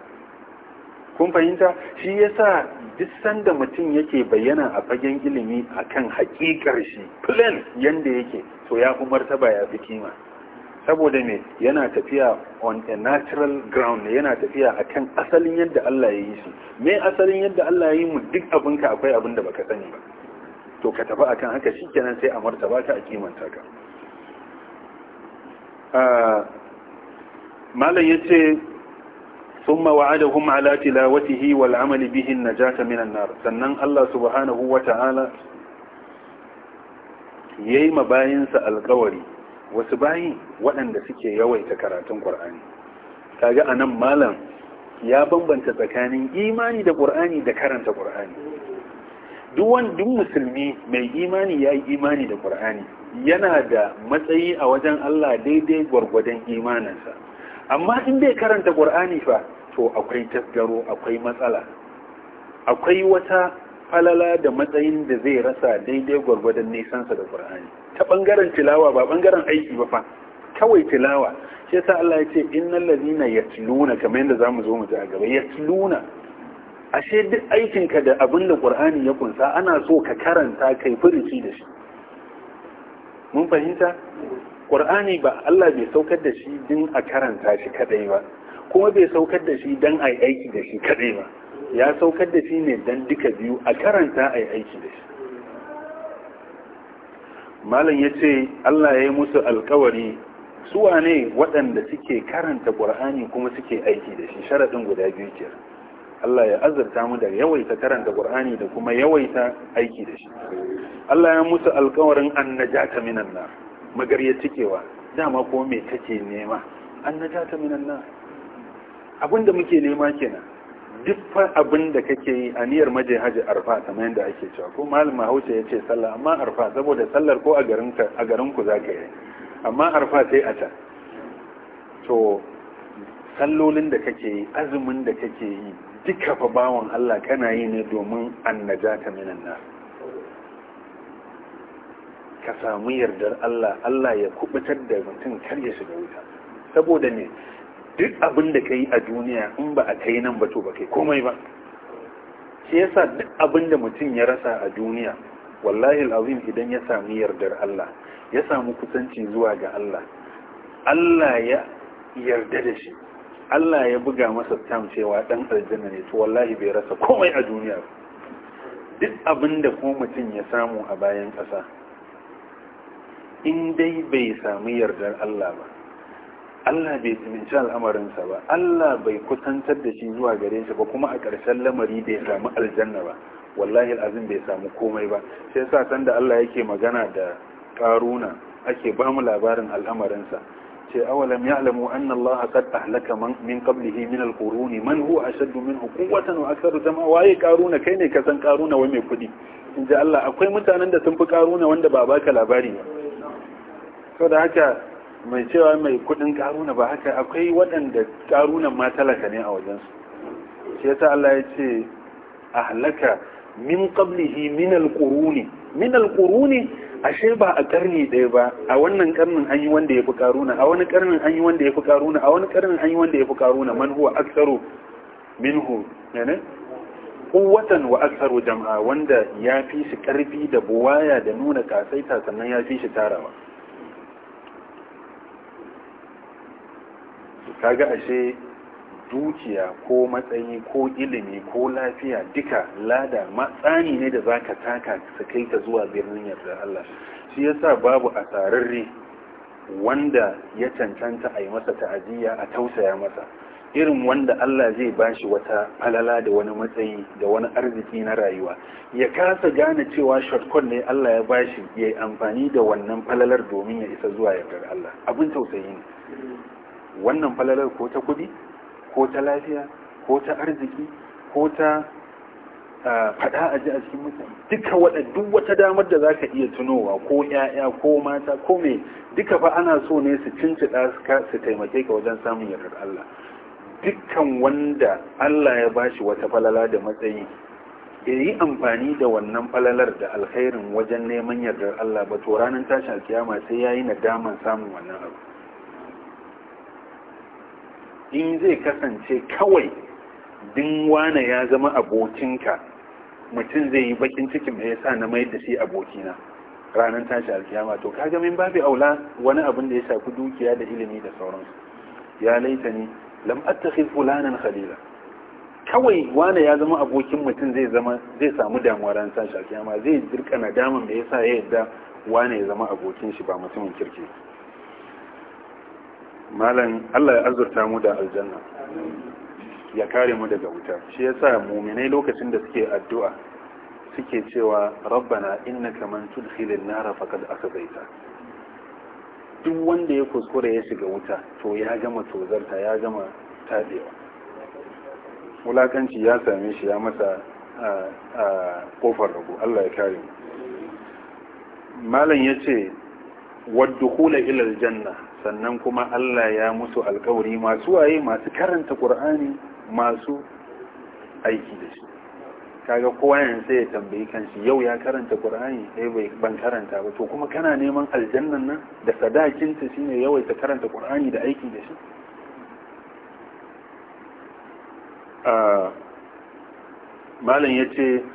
Speaker 1: kun fahimta shi yasa duk sanda mutum yake bayyana a fagen ilimi a kan haƙiƙar shi plan yadda yake to ya fi martaba ya fi kima saboda me yana tafiya on a natural ground yana tafiya a kan asalin yadda Allah ya yi shi me asalin yadda Allah ya yi mu duk abinka akwai abin da baka sani ba to ka tafi akan haka shi kenan sai a martaba ka a kimanta ka ah, malam ya ce. ثم وعدهم على تلاوته والعمل به النجاة من النار سنن الله سبحانه وتعالى yayi mabayinsa alkawari wasu bayi waɗanda suke yawaita karatun ƙur'ani kaga a nan malam ya bambanta tsakanin imani da ƙur'ani da karanta ƙur'ani duk musulmi mai imani ya yi imani da ƙur'ani yana da matsayi a wajen allah daidai gwargwadon imaninsa amma in bai karanta ƙur'ani fa to akwai tasgaro akwai matsala akwai wata falala da matsayin da zai rasa daidai gwargwadon nisansa da ƙur'ani. ta bangaren tilawa ba bangaren aiki ba fa kawai tilawa shi yasa Allah ya ce innal ladina yatluna kamar yadda zamu zo mu ji a gaba yatluna ashe duk aikinka da abin da qur'ani ya kunsa ana so ka karanta kai furuci da shi mun fahimta qur'ani ba Allah bai saukar da shi din a karanta shi kadai ba kuma bai saukar da shi don a yi aiki da shi kadai ba ya saukar da shi ne don duka biyu a karanta a yi aiki da shi malam ya ce allah ya yi musu alkawari suwa ne waɗanda suke karanta ƙur'ani kuma suke aiki da shi sharaɗin guda biyu ke allah ya azurta mu da yawaita karanta ƙur'ani da kuma yawaita aiki da shi allah ya musu alkawarin ta minan nar magarya cikewa dama ko me kake nema ta minan nan. abinda muke nema kenan dukkan abin da kake yi a niyyar maje haji arfa kamar yadda ake cewa ko malama hausa ya ce sallah amma arfa saboda sallar ko a garin ku za ka yi amma arfa sai a can to sallolin da kake yi azumin da kake yi duka fa bawan Allah kana yi ne domin annaja ka minan na? ka samu yardar Allah Allah ya kubutar da mutum kar ya shiga wuta saboda ne duk abin da yi a duniya in ba a kai nan ba to ba kai komai ba shi yasa duk abin da mutum ya rasa a duniya wallahi alazim idan ya sami yardar Allah ya samu kusanci zuwa ga Allah Allah ya yarda da shi Allah ya buga masa tam cewa dan aljanna ne to wallahi bai rasa komai a duniya duk abin da ko mutum ya samu a bayan kasa, in dai bai sami yardar Allah ba Allah bai tsinci al'amarinsa ba Allah bai kusantar da shi zuwa gare shi ba kuma a ƙarshen lamari bai samu aljanna ba wallahi azim bai samu komai ba sai sa san da Allah yake magana da karuna ake ba mu labarin al'amarinsa ce awalam ya'lamu anna Allah qad ahlaka man min qablihi min al-qurun man huwa ashaddu minhu quwwatan wa aktharu jama'a waye karuna kai ne ka san karuna wai mai kudi inji Allah akwai mutanen da sun fi karuna wanda ba baka labari ba saboda haka mai cewa mai kudin karuna ba haka akwai waɗanda karunan ma talaka ne a wajensu shi yasa Allah ya ce halaka min qablihi min alquruni min alquruni ashe ba a karni ɗaya ba a wannan karnin an yi wanda yafi karuna a wani karnin an yi wanda yafi karuna a wani karnin an yi wanda fi karuna man huwa aktsaru minhu ne kuwatan wa aktsaru jama'a wanda ya fi shi karfi da buwaya da nuna kasaita sannan ya fi shi tarawa kaga ashe dukiya ko matsayi ko ilimi ko lafiya duka lada matsani ne da zaka taka su kai ta zuwa birnin yarda Allah shi yasa babu a asararre wanda ya cancanta a yi masa ta'aziyya a tausaya masa irin wanda Allah zai bashi wata alala da wani matsayi da wani arziki na rayuwa ya kasa gane cewa shortcut ne Allah ya bashi ya yi amfani da wannan falalar domin ya isa zuwa yardar Allah abin tausayi ne wannan falalar ko ta kudi ko ta lafiya ko ta arziki ko ta faɗa a ji a cikin mutane duka waɗanda wata damar da za ka iya tunowa ko yaya ko mata ko mai duka ba ana so ne su cincida su taimake ka wajen samun yardar Allah dukkan wanda Allah ya bashi wata falala da matsayi da yi amfani da wannan falalar da alkhairin wajen neman yardar Allah ba to ranar tashin alkiyama sai ya yi na damar samun wannan abu in zai kasance kawai din wane ya zama abokinka mutum zai yi bakin cikin mai yasa na mai da shi abokina ranar tashi alkiyama to kaga min babu aula wani abin da ya shafi dukiya da ilimi da sauransu ya laita ni lam attakhiz fulanan khalila kawai wane ya zama abokin mutum zai zama zai samu damuwa ran tashi alkiyama zai dirka nadaman mai yasa ya yadda wane ya zama abokin shi ba mutumin kirki malam Allah ya azurta mu da aljanna ya kare mu daga wuta shi yasa mu'minai lokacin da suke addu'a suke cewa rabbana innaka man tudkhilin nar faqad akhzaita duk wanda ya kuskure ya shiga wuta to ya gama tozarta ya gama tadewa wulakanci ya same shi ya masa a kofar rago Allah ya kare mu malam yace waddukhula ila aljanna sannan kuma Allah ya musu alkawari masu waye masu karanta Qur'ani masu aiki da shi kaga kowa yanzu sai ya tambayi kanshi yau ya karanta Qur'ani sai eh, bai ban karanta ba to kuma kana neman aljannan nan da sadakinta ta shine yawaita karanta Qur'ani da aiki da shi malam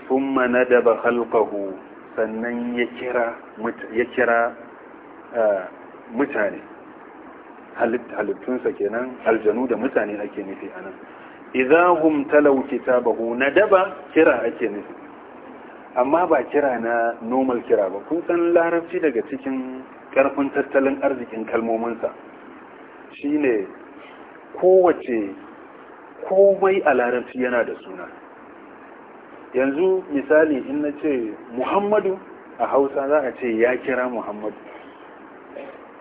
Speaker 1: sun mana nadaba khalqahu sannan ya kira eh, mutane halittunsa kenan aljanu da mutane ake nufi a nan ta talau Na daba kira ake nufi amma ba kira na normal kira ba kun san larabci daga cikin karfin tattalin arzikin kalmominsa ne kowace komai a larabci yana da suna yanzu misali in na ce muhammadu a hausa za a ce ya kira muhammadu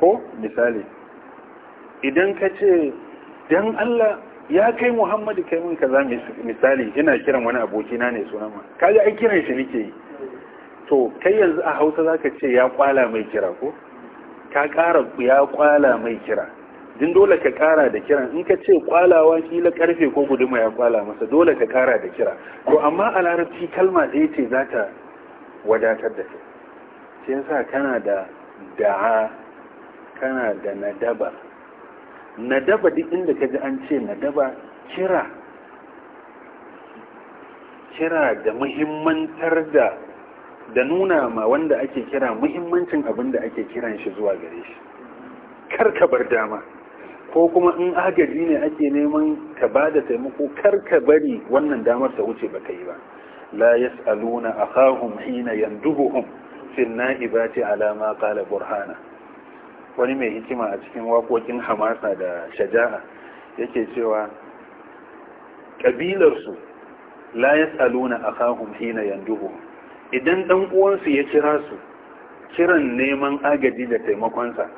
Speaker 1: ko misali idan ka ce don Allah ya kai Muhammadu kai min kaza misali ina kiran wani abokina ne sunan ma kaji ai kiran shi nake yi to kai yanzu a Hausa za ka ce ya kwala mai kira ko ka ƙara ya kwala mai kira din dole ka ƙara da kiran in ka ce kwalawa kila karfe ko guduma ya kwala masa dole ka kara da kira to amma a larabci kalma ɗaya ce za ta wadatar da kai sai yasa kana da da'a kana da nadaba Na daba duk inda ka ji an ce nadaba kira kira da muhimmantar da da nuna ma wanda ake kira muhimmancin abin da ake kiran shi zuwa gare shi karka bar dama ko kuma in agaji ne ake neman ka ba da taimako ka bari wannan damar ta wuce baka yi ba la yas'aluna akhahum hina yanduhum fil na'ibati ala ma qala burhana wani mai hikima a cikin waƙoƙin hamasa da shaja'a yake cewa ƙabilarsu layas ya a kahun hina yanduhu idan ɗan uwansu ya kira su kiran neman agaji da taimakonsa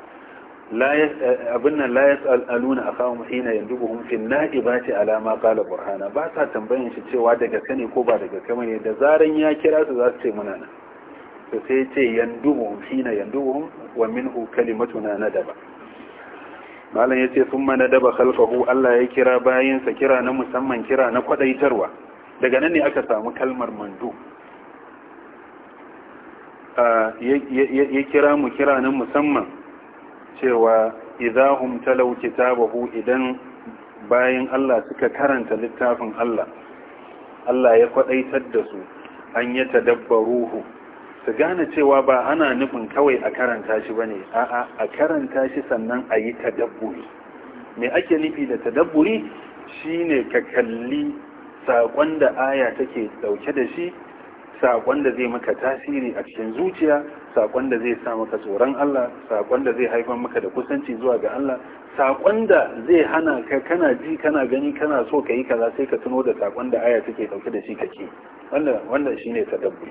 Speaker 1: eh, abin layas la ya a kahun hina yanduhu na'i ba ce alama kala burhana ba sa tambayin shi cewa daga sani ko ba daga kama ne da zaran ya kira su za su ce muna nan sai ce yanduhu hina yanduhu wa minhu kalimatuna nadaba malam yace thumma nadaba khalfahu Allah ya kira sa kira na musamman kira na kwadaitarwa daga nan ne aka samu kalmar mandu ya kira mu kira na musamman cewa idahum talaw kitabahu idan bayan Allah suka karanta littafin Allah Allah ya kwadaitar da su an yi tadabbaruhu su gane cewa ba ana nufin kawai a karanta shi ba ne a'a a karanta shi sannan a yi tadabburi me ake nufi da tadabburi shine ka kalli saƙon da aya take ɗauke da shi saƙon da zai maka tasiri a cikin zuciya saƙon da zai sa maka tsoron Allah saƙon da zai haifar maka da kusanci zuwa ga Allah saƙon da zai hana ka kana ji kana gani kana so ka yi kaza sai ka tuno da saƙon da aya take ɗauke da shi kake wanda wanda shine tadabburi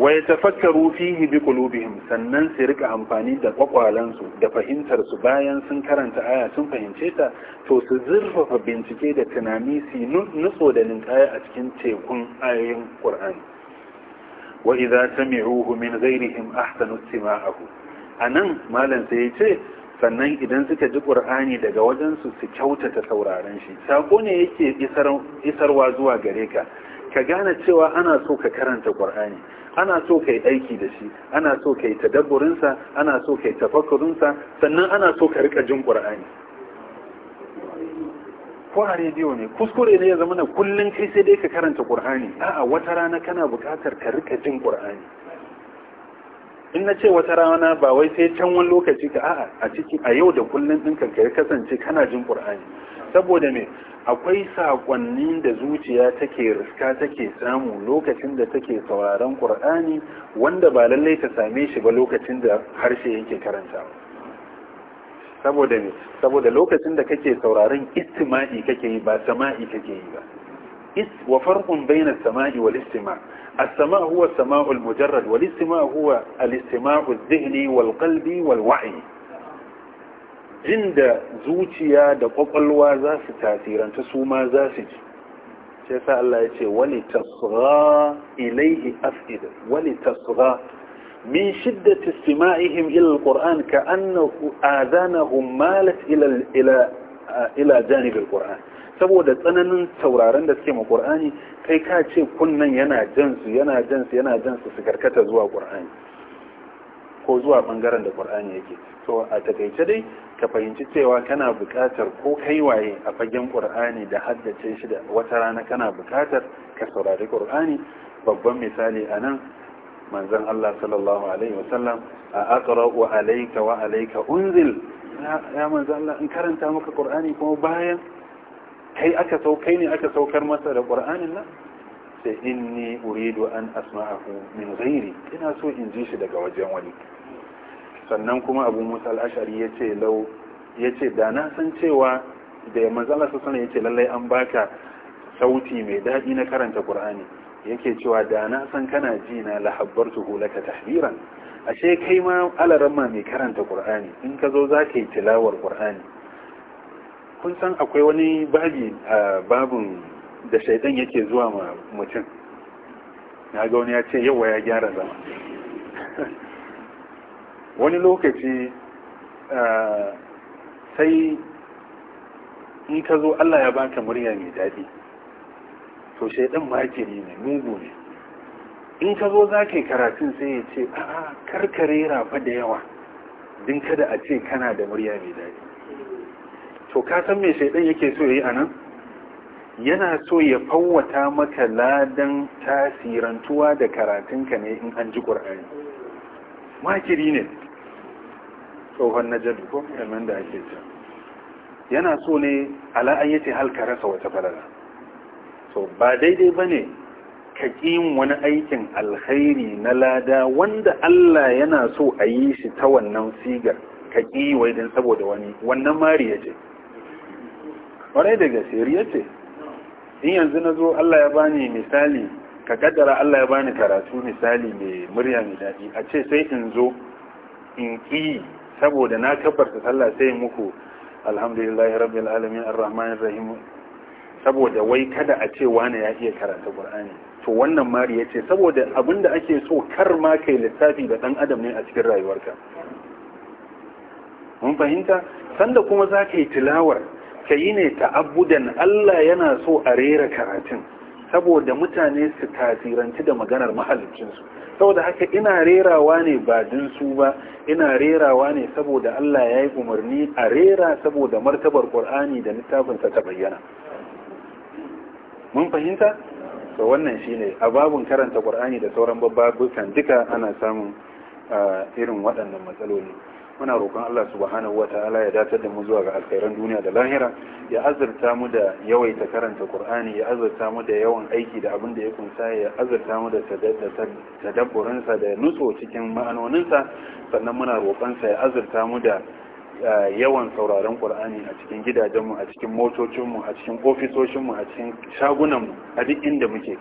Speaker 1: wa yatafakkaru fihi bi qulubihim sannan su rika amfani da kwakwalansu da fahimtar su bayan sun karanta aya sun fahimce ta to su zirfafa bincike da tunani su nutso da a cikin tekun ayoyin Qur'ani wa idza sami'uhu min ghairihim ahsanu istima'ahu anan malam sai yace sannan idan suka ji ƙur'ani daga wajensu su kyautata sauraren shi saƙo ne yake isarwa zuwa gare ka ka gane cewa ana so ka karanta ƙur'ani ana so ka yi aiki da shi ana so ka yi tadabburinsa ana so ka yi sa, sannan ana so ka rika jin ƙur'ani ko a rediyo ne kuskure ne ya zama na kullum kai sai dai ka karanta ƙur'ani a'a wata rana kana buƙatar ka rika jin ƙur'ani in na ce wata rana ba wai sai can wani lokaci ka a'a a ciki a yau da kullum ɗinka ka kasance kana jin ƙur'ani saboda me akwai saƙonni da zuciya take riska take samu lokacin da take sauraron ƙur'ani wanda ba lallai ta same shi ba lokacin da harshe yake karanta saboda ne saboda lokacin da kake sauraron istima'i kake yi ba sama'i kake yi ba is wa farqun bayna as-sama'i wal istima' as-sama' huwa as-sama'u al-mujarrad wal istima' huwa al-istima'u adh-dhihni wal qalbi wal wa'i jin da zuciya da kwakwalwa za su tasiranta su ma za su ji sai sa Allah ya ce wani tasra ilaihi afida wani tasra min shiddat istima'ihim ila alquran ka annahu azanahum malat ila ila ila janib alquran saboda tsananin tauraron da suke ma qur'ani kai ka ce kunnan yana jan su yana jan su yana jan su su karkata zuwa qur'ani ko zuwa bangaren da qur'ani yake to a takaice dai ka fahimci cewa kana buƙatar ko kai waye a fagen ƙur'ani da haddace shi da wata rana kana buƙatar ka saurari ƙur'ani babban misali a nan manzon Allah sallallahu alaihi wasallam a aqra wa alayka wa alayka unzil ya manzon Allah in karanta maka ƙur'ani kuma bayan kai aka ne aka saukar masa da ƙur'anin nan sai inni uridu an asma'ahu min ghairi ina so in ji shi daga wajen wani sannan kuma abu musa al'ashari ya ce lau ya ce da na san cewa da manzala sana ya ce lallai an baka sauti mai daɗi na karanta ƙur'ani yake cewa da na san kana ji na lahabbar laka tahbiran ashe kai ma ma mai karanta ƙur'ani in ka zo za ka yi tilawar ƙur'ani kun san akwai wani babi a babin da shaidan yake zuwa ma mutum na ga wani ya ce yawa ya gyara zama wani lokaci eh, sai in ka zo Allah ya baka murya mai daɗi to shaidan makiri ne mugu ne in ka zo za ka yi karatun sai ya ce a karkare rafa da yawa din kada a ce kana da murya mai daɗi to ka san me shaidan yake so ya yi anan, yana so ya fawwata maka ladan tasirantuwa da karatunka ne in an ji ƙur'ani makiri ne tsohon na jadu ko da ake ce yana so ne ala an yace halka rasa wata falala To ba daidai ba ne ka ƙin wani aikin alkhairi na lada wanda Allah yana so a yi shi ta wannan sigar ka ƙi wai don saboda wani wannan mari ya ce ƙwarai da yace ce in yanzu na zo Allah ya bani misali ka kaddara Allah ya bani karatu misali mai murya mai daɗi a ce sai in zo in ƙi saboda na kabbarta sallah sai muku alhamdulillahi rabbil alamin arrahmanir rahim saboda wai kada a ce wani ya iya karanta qur'ani to wannan mari yace saboda abinda ake so kar ma kai littafi da dan adam ne a cikin rayuwarka mun fahimta sanda kuma za ka yi tilawar ka yi ne ta'abudan Allah yana so a rera karatun saboda mutane su tasiranci da maganar mahalicinsu saboda haka ina rerawa ne ba su ba ina rerawa ne saboda Allah ya yi umarni a rera saboda martabar ƙur'ani da littafinsa ta bayyana mun fahimta? to wannan shi ne a babun karanta ƙur'ani da sauran babbabukan duka ana samun ah, irin waɗannan matsaloli muna roƙon Allah subhanahu wa ta'ala ya datar da mu zuwa ga alkhairan duniya da lahira ya azurta mu da yawaita karanta Qur'ani ya azurta mu da yawan aiki da abin da ya kunsa ya azurta mu da tadabburin sa da nutso cikin ma'anonin sa sannan muna roƙon sa ya azurta mu da yawan sauraron Qur'ani a cikin gidajen mu a cikin motocin mu a cikin ofisoshin mu a cikin shagunan mu a duk inda muke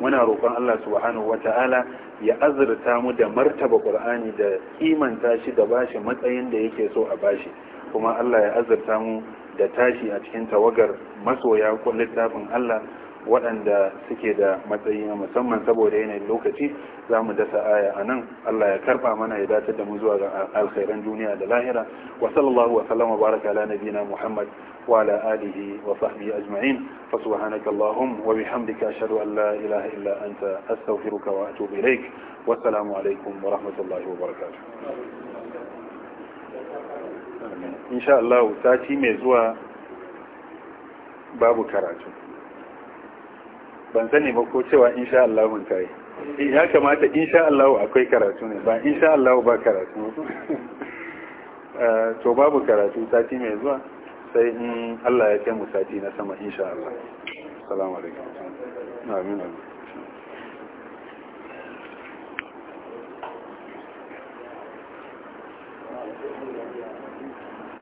Speaker 1: muna roƙon Allah subhanahu wata'ala ya azurta mu da martaba Qur'ani da kimanta shi da bashi matsayin da yake so a bashi kuma Allah ya azurta mu da tashi a cikin tawagar masoya ko littafin Allah waɗanda suke da matsayi na musamman saboda yanayin lokaci za mu dasa aya a nan Allah ya karɓa mana ya dace da mu zuwa ga alkhairan duniya da lahira wa sallallahu wa sallam wa baraka ala nabiyina Muhammad wa ala alihi wa sahbihi ajma'in fa subhanaka allahum wa bihamdika ashhadu an la ilaha illa anta astaghfiruka wa atubu ilaik wa assalamu alaikum wa rahmatullahi wa barakatuh insha Allah sati mai zuwa babu karatu ban sani ba ko cewa insha Allah mun kai ya kamata insha Allah akwai karatu ne ba insha Allah ba karatu *laughs* eh, to babu karatu sati mai zuwa sai in Allah ya kai mu sati na sama insha Allah assalamu alaikum amin amin Thank you.